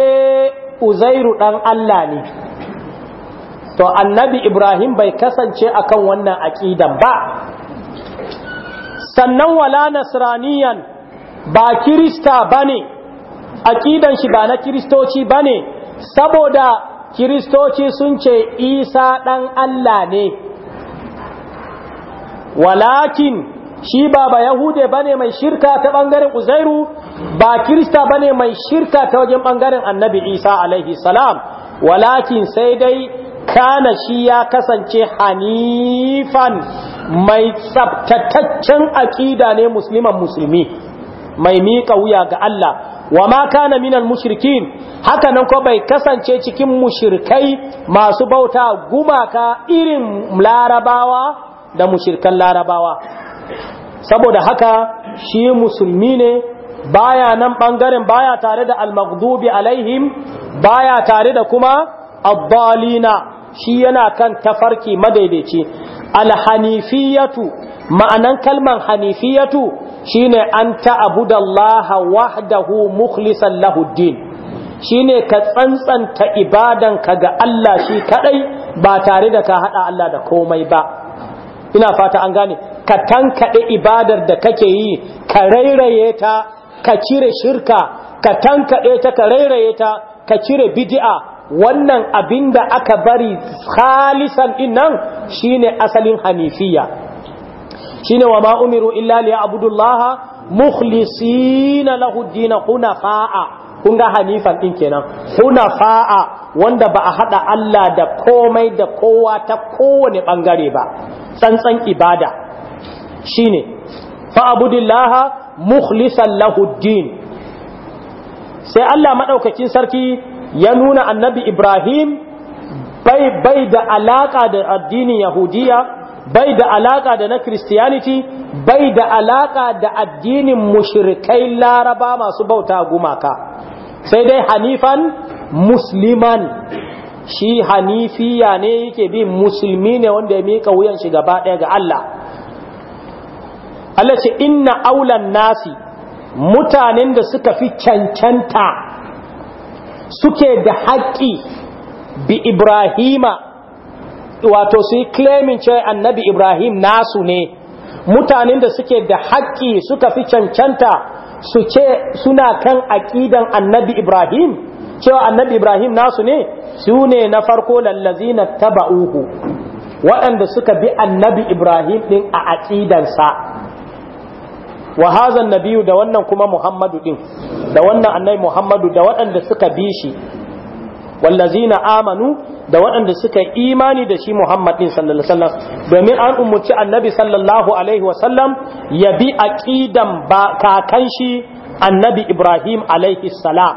uzairu dan Allah ne to annabi ibrahim bai kasance akan wannan aqidan ba sannan wala nasraniyan ba kirista bane aqidan shi ba na kiristoci bane saboda kiristoci sun ce isa dan Allah ne walakin shi ba ba yahude bane mai shirka ta bangaren uzairu ba kirista bane mai shirka ta wajen bangaren annabi isa alaihi salam walakin sai dai kana shi ya kasance hanifan mai tsabtataccen aƙida ne musliman musulmi mai miƙa wuya ga Allah wa ma kana minal mushrikin haka nan ko bai kasance cikin mushrikai masu bauta gumaka irin larabawa da mushirkan larabawa saboda haka shi musulmi ne baya nan bangaren baya tare da almaghdubi alaihim baya tare da kuma abbalina shi yana kan tafarki madaidaici alhanifiyatu ma'anan kalman hanifiyatu shine an ta'budallaha wahdahu mukhlishan lahuddin shine ka tsantsanta ka ga Allah shi kadai ba tare da ka hada Allah da komai ba ina fata an gane ka tankaɗe ibadar da kake yi ka rairaye ta ka cire shirka ka tankaɗe ta ka rairaye ta ka cire bid'a wannan abinda aka bari khalisan innan shine asalin hanifiya shine wa ma umiru illa li mukhlisina lahu ad-din hunafa'a kun ga hanifan din kenan hunafa'a wanda ba a hada Allah da komai da kowa ta kowane bangare ba tsantsan ibada shine fa abudillaha mukhlisan lahu sai Allah madaukakin sarki ya nuna annabi Ibrahim bai bai da alaka da addinin yahudiya bai da alaka da na Christianity, bai da alaka da addinin mushrikai laraba masu bauta gumaka. sai dai hanifan musliman shi hanifiya ne yake bi musulmi ne wanda ya mika wuyan shi gaba ɗaya ga Allah Allah ce inna aulan nasi mutanen da suka fi cancanta suke da haƙƙi bi Ibrahima wato su yi claiming cewa annabi Ibrahim nasu ne mutanen da suke da haƙƙi suka fi cancanta su ce suna kan aƙidan annabi ibrahim cewa annabi ibrahim nasu ne su ne na farko lallazina taba'uhu waɗanda suka bi annabi ibrahim ɗin a aƙidansa wa haza nabiyu da wannan kuma muhammadu ɗin da wannan annabi muhammadu da waɗanda suka bi shi wallazina amanu da waɗanda suka yi imani da shi Muhammad ɗin sallallahu alaihi wasallam domin an umarci annabi sallallahu alaihi wasallam ya bi aƙidan ba kakan shi annabi Ibrahim alaihi salam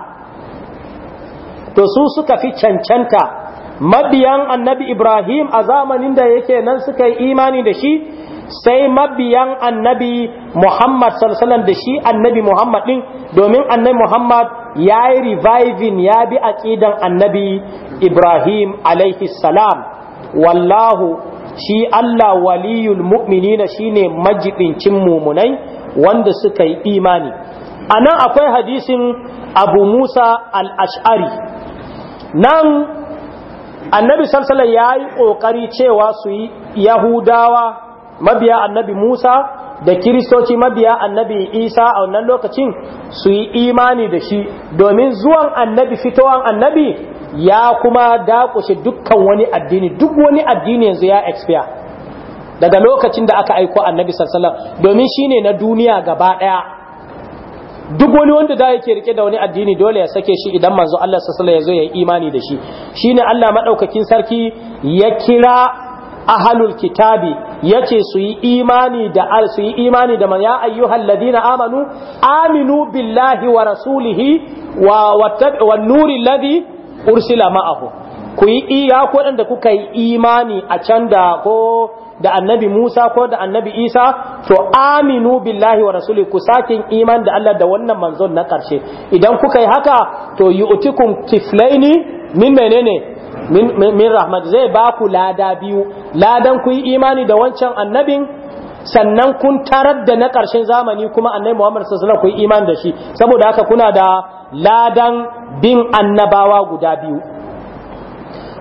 to su suka fi cancanta mabiyan annabi Ibrahim a zamanin da yake nan suka yi imani da shi sai mabiyan annabi Muhammad sallallahu da shi annabi Muhammad din domin annabi Muhammad ya yi reviving ya bi aqidan annabi Ibrahim alaihi salam wallahu shi Allah waliyul mu'minina shine majibincin mumunai wanda suka yi imani anan akwai hadisin Abu Musa al-Ash'ari nan annabi sallallahu ya yi ƙoƙari cewa su yi yahudawa mabiya annabi Musa da kiristoci mabiya annabi Isa a wannan lokacin su yi imani da shi domin zuwan annabi fitowan annabi ya kuma dakushe dukkan wani addini duk wani addini yanzu ya expire daga lokacin da aka aiko annabi sallallahu alaihi wasallam domin shine na duniya gaba daya duk wani wanda da yake rike da wani addini dole ya sake shi idan manzo Allah sallallahu alaihi wasallam ya zo ya yi imani da shi shine Allah madaukakin sarki ya kira ahalul kitabi yace su yi imani da al su yi imani da man ya ayyuhal ladina amanu aminu billahi wa rasulihi wa nuri alladhi ursila ma'ahu ku yi iya ko da kuka yi imani a can da ko da annabi Musa ko da annabi Isa to aminu billahi wa rasuli ku sakin iman da Allah da wannan manzon na karshe idan kuka yi haka to yu'tikum kiflaini min menene min rahmat zai ba ku lada biyu ladan ku yi imani da wancan annabin sannan kun tarar da na ƙarshen zamani kuma annabi Muhammad sallallahu alaihi wasallam ku yi imani da shi saboda haka kuna da ladan bin annabawa guda biyu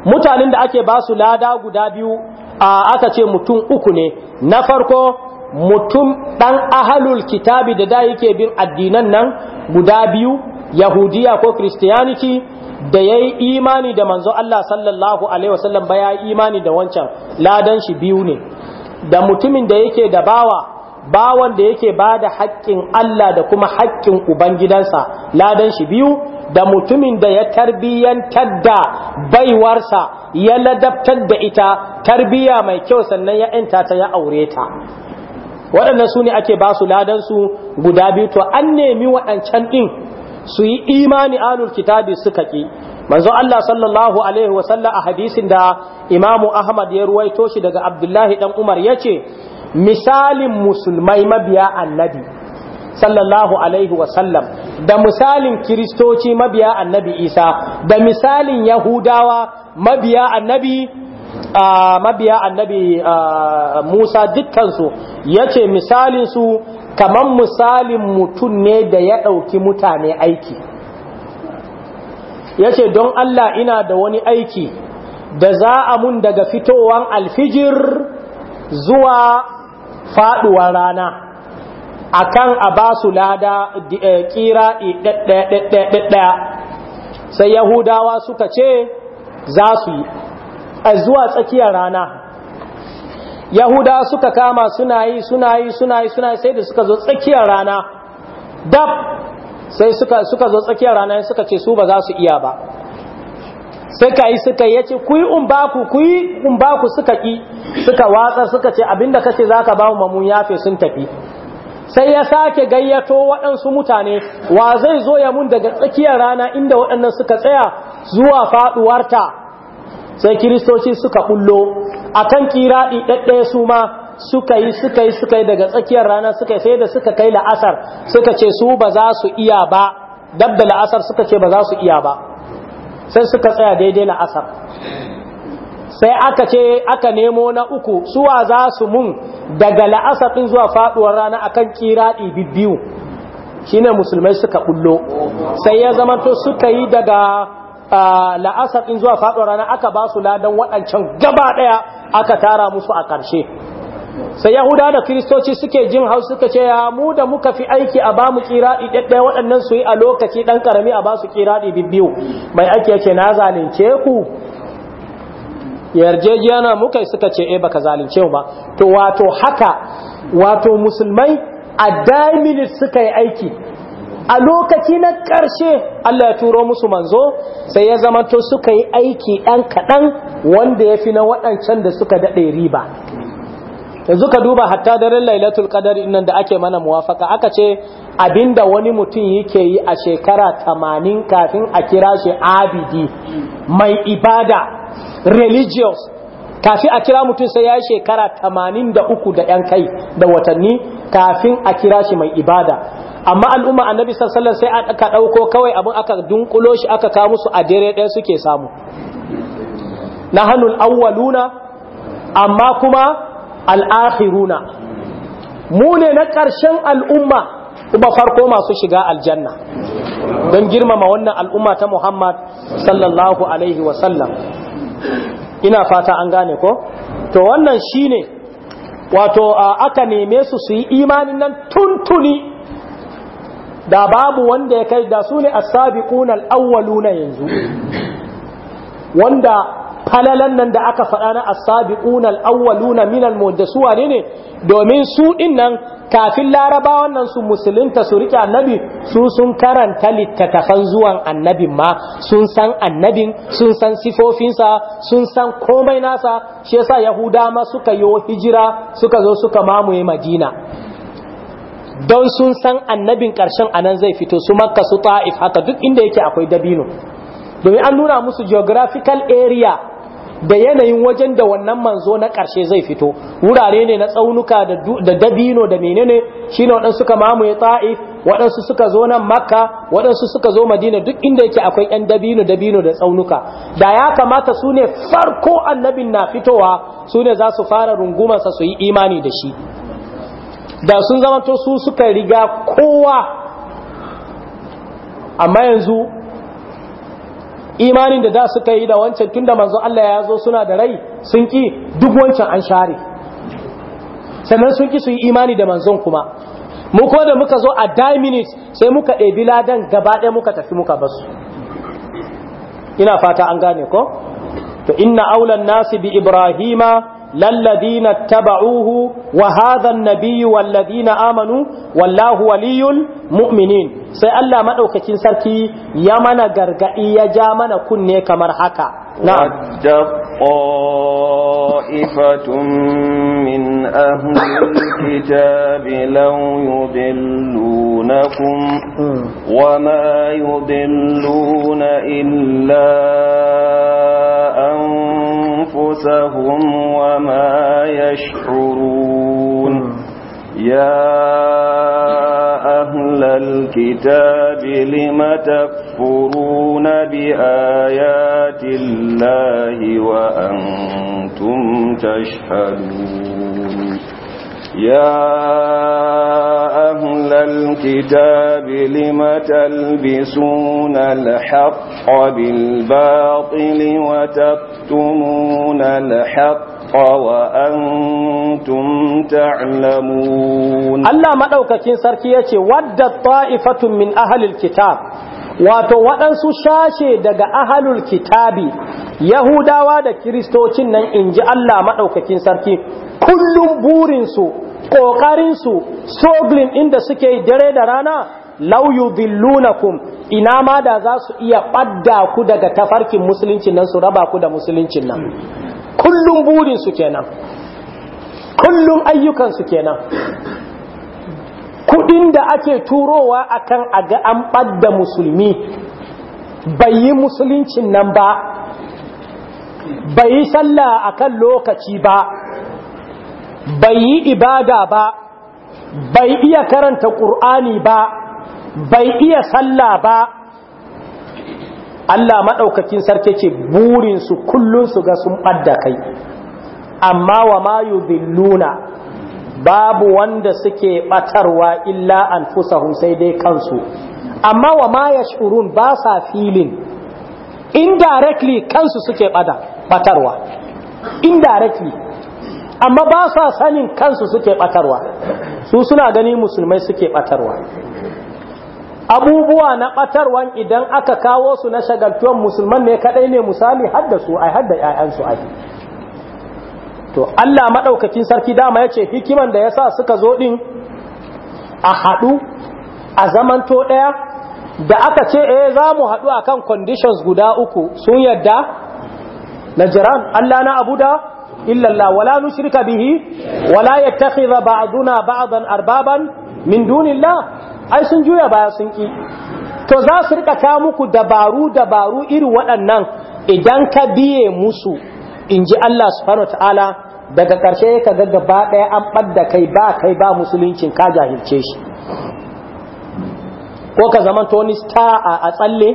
mutanen da ake ba su lada guda biyu a aka ce mutum uku ne na farko mutum ɗan ahalul kitabi da da yake bin addinan nan guda biyu yahudiya ko christianity da ya yi imani da manzo Allah sallallahu alaihi wasallam ba ya yi imani da wancan ladan shi biyu ne da mutumin da yake da bawa bawan da yake ba da haƙƙin Allah da kuma haƙƙin ubangidansa ladan shi biyu da mutumin da ya tarbiyyantar da baiwarsa ya ladabtar da ita tarbiya mai kyau sannan ya ‘yanta ta ya aure ta waɗannan su ne ake ba su ladansu guda biyu to an nemi waɗancan ɗin su yi imani alul kitabi suka ki manzo Allah sallallahu alaihi wa sallam a hadisin da Imamu Ahmad ya ruwaito shi daga Abdullahi dan Umar yace misalin musulmai mabiya annabi sallallahu alaihi wa sallam da misalin kiristoci mabiya annabi Isa da misalin yahudawa mabiya annabi mabiya annabi Musa dukkansu yace misalin su kamar misalin mutum ne da ya ɗauki mutane aiki ya ce don Allah ina da wani aiki da za a mun daga fitowar alfijir zuwa faɗuwar rana A kan a ba su lada kira eh, eh, ɗaya sai yahudawa suka ce za su yi a zuwa tsakiyar rana yahuda suka kama suna yi suna yi suna yi suna sai da suka zo tsakiyar rana dab sai suka zo tsakiyar rana suka ce su ba za su iya ba sai ka yi suka yi yace ku yi umbaku ku yi umbaku suka ki suka watsa suka ce abinda kace zaka ba mu mun yafe sun tafi sai ya sake gayyato waɗansu mutane wa zai zo ya mun daga tsakiyar rana inda waɗannan suka tsaya zuwa faɗuwarta sai kiristoci suka bullo akan kiraɗi ɗaɗɗaya su ma suka yi suka yi suka yi daga tsakiyar rana suka yi sai da suka kai la'asar suka ce su ba za su iya ba dab la'asar suka ce ba za su iya ba sai suka tsaya daidai la'asar sai aka ce aka nemo na uku suwa za su mun daga la'asar ɗin zuwa faɗuwar rana akan kiraɗi bibbiyu shine musulmai suka bullo sai ya zamanto suka yi daga la'asar in zuwa faɗo rana aka ba su ladan waɗancan gaba ɗaya aka tara musu a ƙarshe sai yahuda da kiristoci suke jin hausu suka ce ya mu da muka fi aiki a bamu kiraɗi ɗaɗɗaya waɗannan su yi a lokaci ɗan ƙarami a ba su kiraɗi bibbiyu mai aiki yake na zalunce ku yarjejiyana muka suka ce e eh, baka zalunce ba to wato haka wato musulmai a daimini suka yi aiki a lokaci na ƙarshe Allah ya turo musu manzo sai ya zama zamanto suka yi aiki ɗan kaɗan wanda ya fi na waɗancan da suka daɗe riba yanzu ka duba hatta daren lailatul qadari nan da ake mana muwafaka aka ce abinda wani mutum yake yi a shekara tamanin kafin a kira shi abidi mai ibada religious kafi a kira mutum sai ya yi shekara tamanin da uku da ‘yan kai da watanni kafin a kira shi mai ibada amma al'umma annabi sallallahu sai aka dauko kawai abin aka dunkulo shi aka kawo musu a dare ɗaya suke samu na hannun awwaluna amma kuma al-akhiruna mu ne na ƙarshen al'umma kuma farko masu shiga aljanna don girmama wannan al'umma ta Muhammad sallallahu alaihi wasallam ina fata an gane ko to wannan shine wato aka neme su su yi imanin nan tuntuni da babu wanda ya kai da su ne a sabiquna al-awwaluna yanzu wanda falalan nan da aka faɗa na a sabiquna al-awwaluna min al-muhaddisu ne ne domin su din nan kafin laraba wannan su musulunta su rike annabi su sun karanta littattafan zuwan annabin ma sun san annabin sun san sifofinsa sun san komai nasa shi yasa yahuda ma suka yi hijira suka zo suka mamaye madina don sun san annabin ƙarshen anan zai fito su makka su ta'if haka duk inda yake akwai dabino domin an nuna musu geographical area da yanayin wajen da wannan manzo na ƙarshe zai fito wurare ne na tsaunuka da dabino da menene shine waɗansu suka mamaye ta'if waɗansu suka zo nan makka waɗansu suka zo madina duk inda yake akwai ƴan dabino dabino da tsaunuka da ya kamata su ne farko annabin na fitowa su ne za su fara rungumarsa su yi imani da shi da sun zamanto su suka riga kowa amma yanzu imanin da da suka yi da wancan tunda manzo Allah ya zo suna da rai sun ki duk wancan an share sannan sun ki su yi imani da manzon kuma mu ko da muka zo a daiminis sai muka ɗebi ladan gaba ɗaya muka tafi muka basu ina fata an gane ko to inna aulan nasi bi ibrahima lalladina taba'uhu wa hadha an-nabiy walladina amanu wallahu waliyul mu'minin sai Allah madaukakin sarki ya mana gargadi ya ja mana kunne kamar haka na'am طائفة من أهل الكتاب لو يضلونكم وما يضلون إلا أن أنفسهم وما يشعرون يا أهل الكتاب لم تكفرون بآيات الله وأنتم تشهدون يا أهل الكتاب لم تلبسون الحق بالباطل وتكتمون الحق وأنتم تعلمون الله مدوككين سركية ودى طائفة من أهل الكتاب wato waɗansu shashe daga ahalul kitabi yahudawa da kiristocin nan in ji Allah maɗaukakin sarki kullum burinsu ƙoƙarinsu soglin inda suke dare da rana lauyu dillunakum ina ma da za su iya ɓadda ku daga tafarkin musuluncin nan su raba ku da musuluncin nan kullum burinsu kenan kullum ayyukansu kenan kudin da ake turowa akan aga an ɓadda musulmi bai yi musuluncin nan ba bai yi sallah akan lokaci ba bai yi ibada ba bai iya karanta ƙur'ani ba bai iya sallah ba Allah maɗaukakin sarki ce burinsu kullum su ga sun ɓadda kai amma wa ma yuzilluna babu wanda suke batarwa illa anfusahum sai dai kansu amma wa ma shurun ba sa filin indirectly kansu suke batarwa indirectly amma ba sa sanin kansu suke batarwa su suna gani musulmai suke batarwa abubuwa na batarwan idan aka kawo su na shagaltuwan musulman ne kadai ne misali hadda su ai hadda 'ya'yansu ai to Allah maɗaukakin sarki dama ya ce hikiman da ya sa suka zo ɗin a haɗu a zamanto ɗaya da aka ce eh za mu haɗu a kan conditions guda uku sun yadda na jiran Allah na abu da illallah wala nushirka bihi wala ya tafiza ba'aduna ba'adan arbaban min dunillah ai sun juya baya sun ki to za su rika ka muku dabaru dabaru iri waɗannan idan ka biye musu in ji Allah subhanahu wa ta'ala daga ƙarshe ka gaga gaba ɗaya an ɓadda kai ba kai ba musuluncin ka jahilce shi ko ka zama toni star a tsalle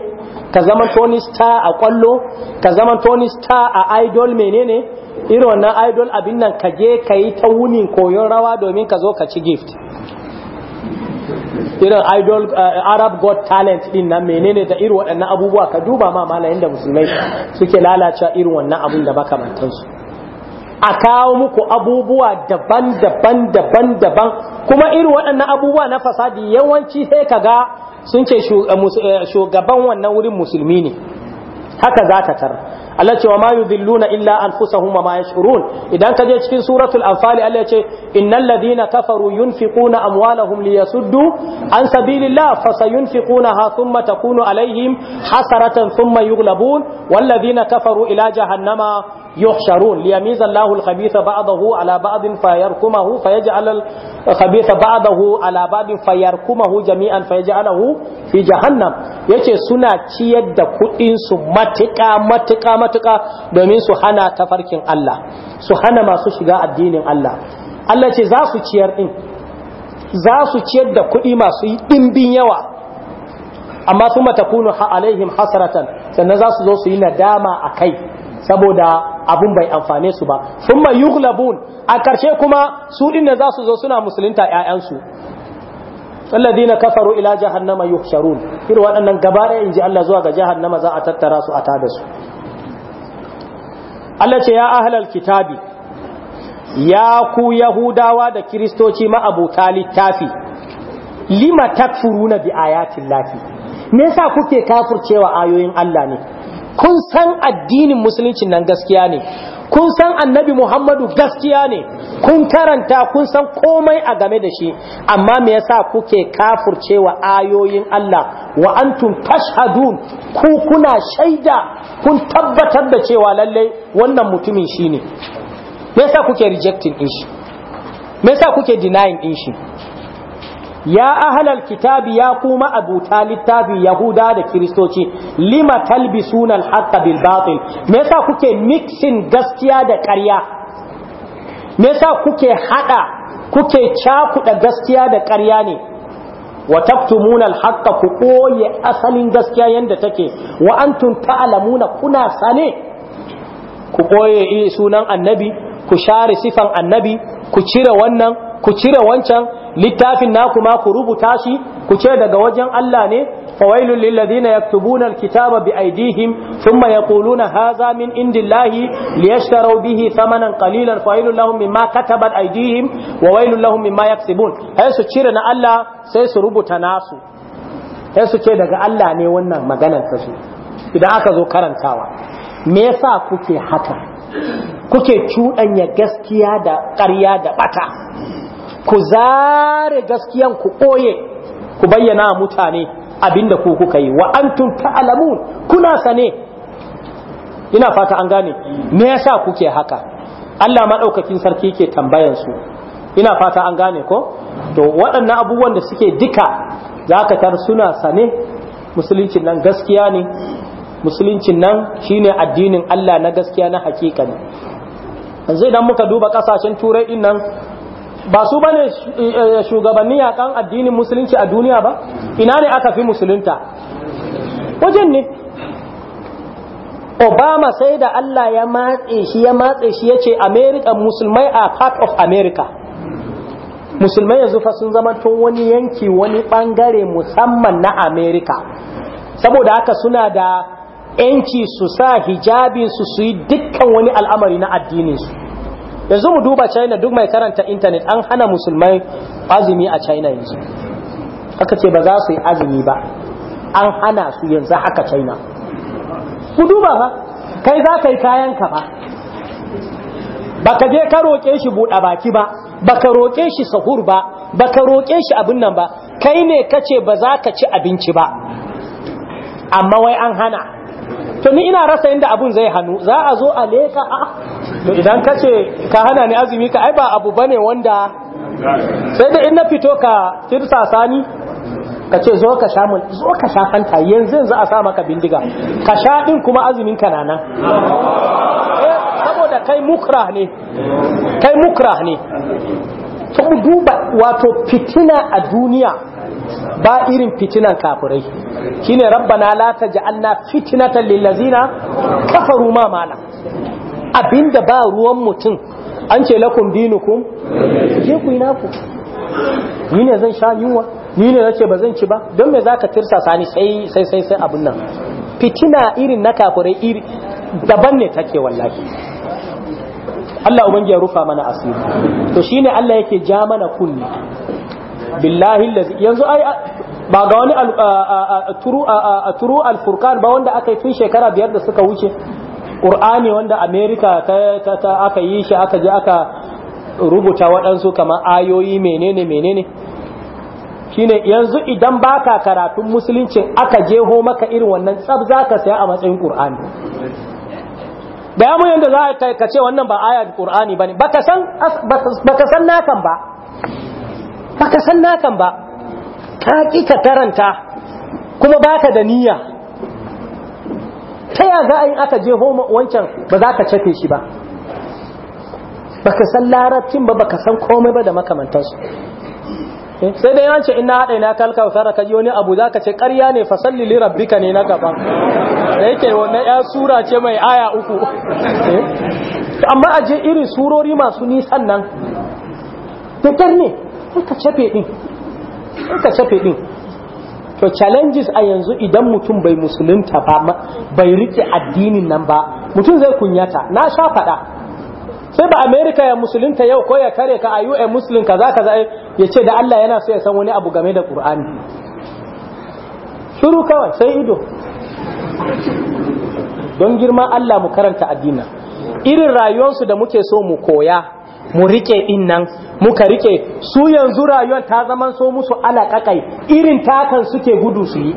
ka zama toni star a ƙwallo, ka zama toni star a idol menene irin wannan idol abin nan ka je ka yi ta wunin koyon rawa domin ka zo ka ci gift irin idol eh, arab god talent din nan menene da irin waɗannan abubuwa ka duba ma malayin da musulmai suke lalace irin wannan abun da su a kawo muku abubuwa daban-daban daban-daban kuma irin waɗannan abubuwa na fasadi yawanci sai ka ga sun ce eh, eh, shugaban wannan wurin musulmi ne haka za ka tara Allah ce wa ma yudhilluna illa anfusahum wa ma yash'urun idan ka je cikin suratul anfal Allah ya ce innal ladina kafaru yunfiquna amwalahum liyasuddu an sabilillah fasayunfiqunaha thumma takunu alaihim hasaratan thumma yughlabun wal ladina kafaru ila jahannama يحشرون ليميز الله الخبيث بعضه على بعض فيركمه فيجعل الخبيث بعضه على بعض فيركمه جميعا فيجعله في جهنم yace suna ciyar da kuɗin su matuƙa matuƙa matuƙa domin su hana tafarkin Allah su hana masu shiga addinin Allah Allah ce za su ciyar din za su ciyar da kuɗi masu ɗimbin yawa amma su matakunu alaihim hasaratan. sannan za su zo su yi nadama a kai saboda abun bai amfane su ba sun summa yughlabun a karshe kuma su din za su zo suna musulunta ƴaƴansu alladhina kafaru ila jahannama yuhsharun irin waɗannan gaba ɗaya ji Allah zuwa ga jahannama za a tattara su a tada su Allah ce ya ahlal kitabi ya ku yahudawa da kiristoci ma'abuta littafi lima na bi ayatin lafi me yasa kuke kafurcewa ayoyin Allah ne kun san addinin musulunci nan gaskiya ne kun san annabi muhammadu gaskiya ne kun karanta kun san komai a game da shi amma me yasa kuke kafurcewa ayoyin Allah wa antum tashhadun ku kuna shaida kun tabbatar da cewa lalle wannan mutumin shine me yasa kuke rejecting din shi me yasa kuke denying din shi ya ahalar kitabi ya kuma abuta littafi yahuda da kiristoci lima talbi sunan haqqa bil batil me yasa kuke mixing gaskiya da ƙarya me yasa kuke hada kuke cakuda gaskiya da ƙarya ne wa taktumuna al ku koye asalin gaskiya yanda take wa antum ta'lamuna kuna sane ku koye sunan annabi ku share sifan annabi ku cire wannan ku cire wancan littafin naku ma ku rubuta shi ku ce daga wajen Allah ne fawailul lil ladina yaktubuna alkitaba bi aydihim thumma yaquluna hadha min indillahi liyashtaru bihi thamanan qalilan fawailul lahum mimma katabat aydihim wa wailul lahum mimma yaksibun ai su cire na Allah sai su rubuta nasu sai su ce daga Allah ne wannan maganar ta su idan aka zo karantawa me yasa kuke haka kuke cuɗanya gaskiya da ƙarya da bata ku zare gaskiyan ku ɓoye ku bayyana mutane abinda ku kuka yi wa antum ta'lamun kuna sane ina fata an gane me yasa kuke haka Allah madaukakin sarki ke tambayan su ina fata an gane ko to waɗannan abubuwan da suke duka zaka tar suna sane musuluncin nan gaskiya ne musuluncin nan shine addinin Allah na gaskiya na hakika ne yanzu idan muka duba ƙasashen turai din nan ba su bane eh, shugabanni kan addinin musulunci a duniya ba ina ne aka fi musulunta wajen ne obama sai da allah ya matse shi ya matse shi ya ce america musulmai a part of america musulmai yanzu fa sun zama to wani yanki wani bangare musamman na america saboda haka suna da yanci su sa hijabinsu su yi dukkan wani al'amari na addininsu yanzu mu duba china duk mai karanta intanet an hana musulmai azumi a china yanzu aka ce ba za su yi azumi ba an hana su yanzu haka china ku duba ba kai za ka yi kayanka ba ba ka je ka roƙe shi buɗa baki ba ba ka roƙe shi sahur ba ba ka roƙe shi abin nan ba kai ne ka ce ba za ka ci abinci ba amma wai an hana to ni ina rasa inda abun zai hannu za a zo a leka a to idan ka ce ka hana ni azumi ka ai ba abu bane wanda sai da in fito ka tirsa sani ka ce zo ka sha zo ka sha yanzu za a sa maka bindiga ka sha din kuma azumin ka nana eh, saboda kai mukra ne kai mukra ne to duba wato fitina a duniya ba irin fitinan kafirai shine rabbana la taj'alna fitnatan lil ladina kafaru ma mala abinda ba ruwan mutum an ce lakum dinukum je ku ina ku ni ne zan sha yunwa ni ne nace ba ci ba don me zaka tirsa sani sai sai sai sai abun nan fitina irin na kafirai iri daban ne take wallahi Allah ubangiya ya rufa mana asiri to shine Allah yake ja mana kunni billahi lazi yanzu ai ba ga wani turu alfurkan ba wanda aka yi tun shekara biyar da suka wuce qur'ani wanda america ta aka yi shi aka je aka rubuta waɗansu kamar ayoyi menene menene shine yanzu idan baka karatun musulunci aka jeho maka irin wannan tsab za ka saya a matsayin ƙur'ani bayan yamu yadda za ka ce wannan ba qur'ani bane ba ne baka san nakan ba ba san nakan ba ka ki ka karanta kuma ba da niyya ta ya za a yi aka je homa wancan ba za ka cafe shi ba ba ka san larabcin ba ba san komai ba da makamantansu eh, sai dai yawanci in haɗa na kalka fara ka ji wani abu za ka ce karya ne fasalli li rabbika ne na gaba da yake wannan ya sura ce mai aya uku eh, amma a je irin surori masu nisan nan da ne ka ka cafe din to challenges a yanzu idan mutum bai musulunta ba bai rike addinin nan ba mutum zai kunyata na sha faɗa sai ba Amerika ya musulunta yau ko ya kare ka ayu a muslim kaza kaza eh, ya ce da Allah yana so ya san wani abu game da ƙur'ani. Suru kawai sai ido don girma Allah mu karanta addina irin rayuwarsu da muke so mu koya mu rike din nan muka rike su yanzu rayuwar ta zaman so musu alaƙaƙai irin takan suke gudu su yi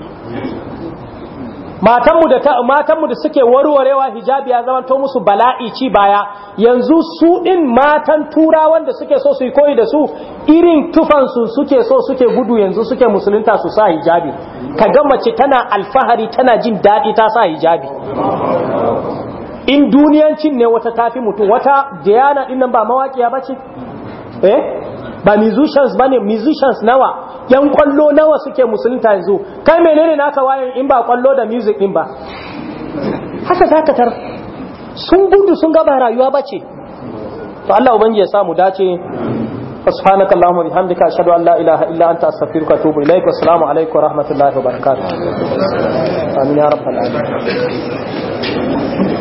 matanmu da suke warwarewa hijabi ya zama to musu bala'i ci baya yanzu su din matan turawan da suke so su yi koyi da su irin tufansu suke so suke gudu yanzu suke musulunta su sa hijabi ka ga mace tana alfahari tana jin daɗi ta sa hijabi in duniyancin ne wata tafi mutum wata jiyana dinnan ba mawaƙiya ba ce eh ba musicians ba ne musicians nawa yan kwallo nawa suke musulunta yanzu kai menene naka wayan in ba kwallo da music din ba haka za ka tar sun gudu sun gaba rayuwa ba ce to Allah ubangi ya samu dace سبحانك اللهم وبحمدك اشهد ان لا اله الا انت استغفرك واتوب اليك والسلام عليكم ورحمه الله وبركاته امين يا رب العالمين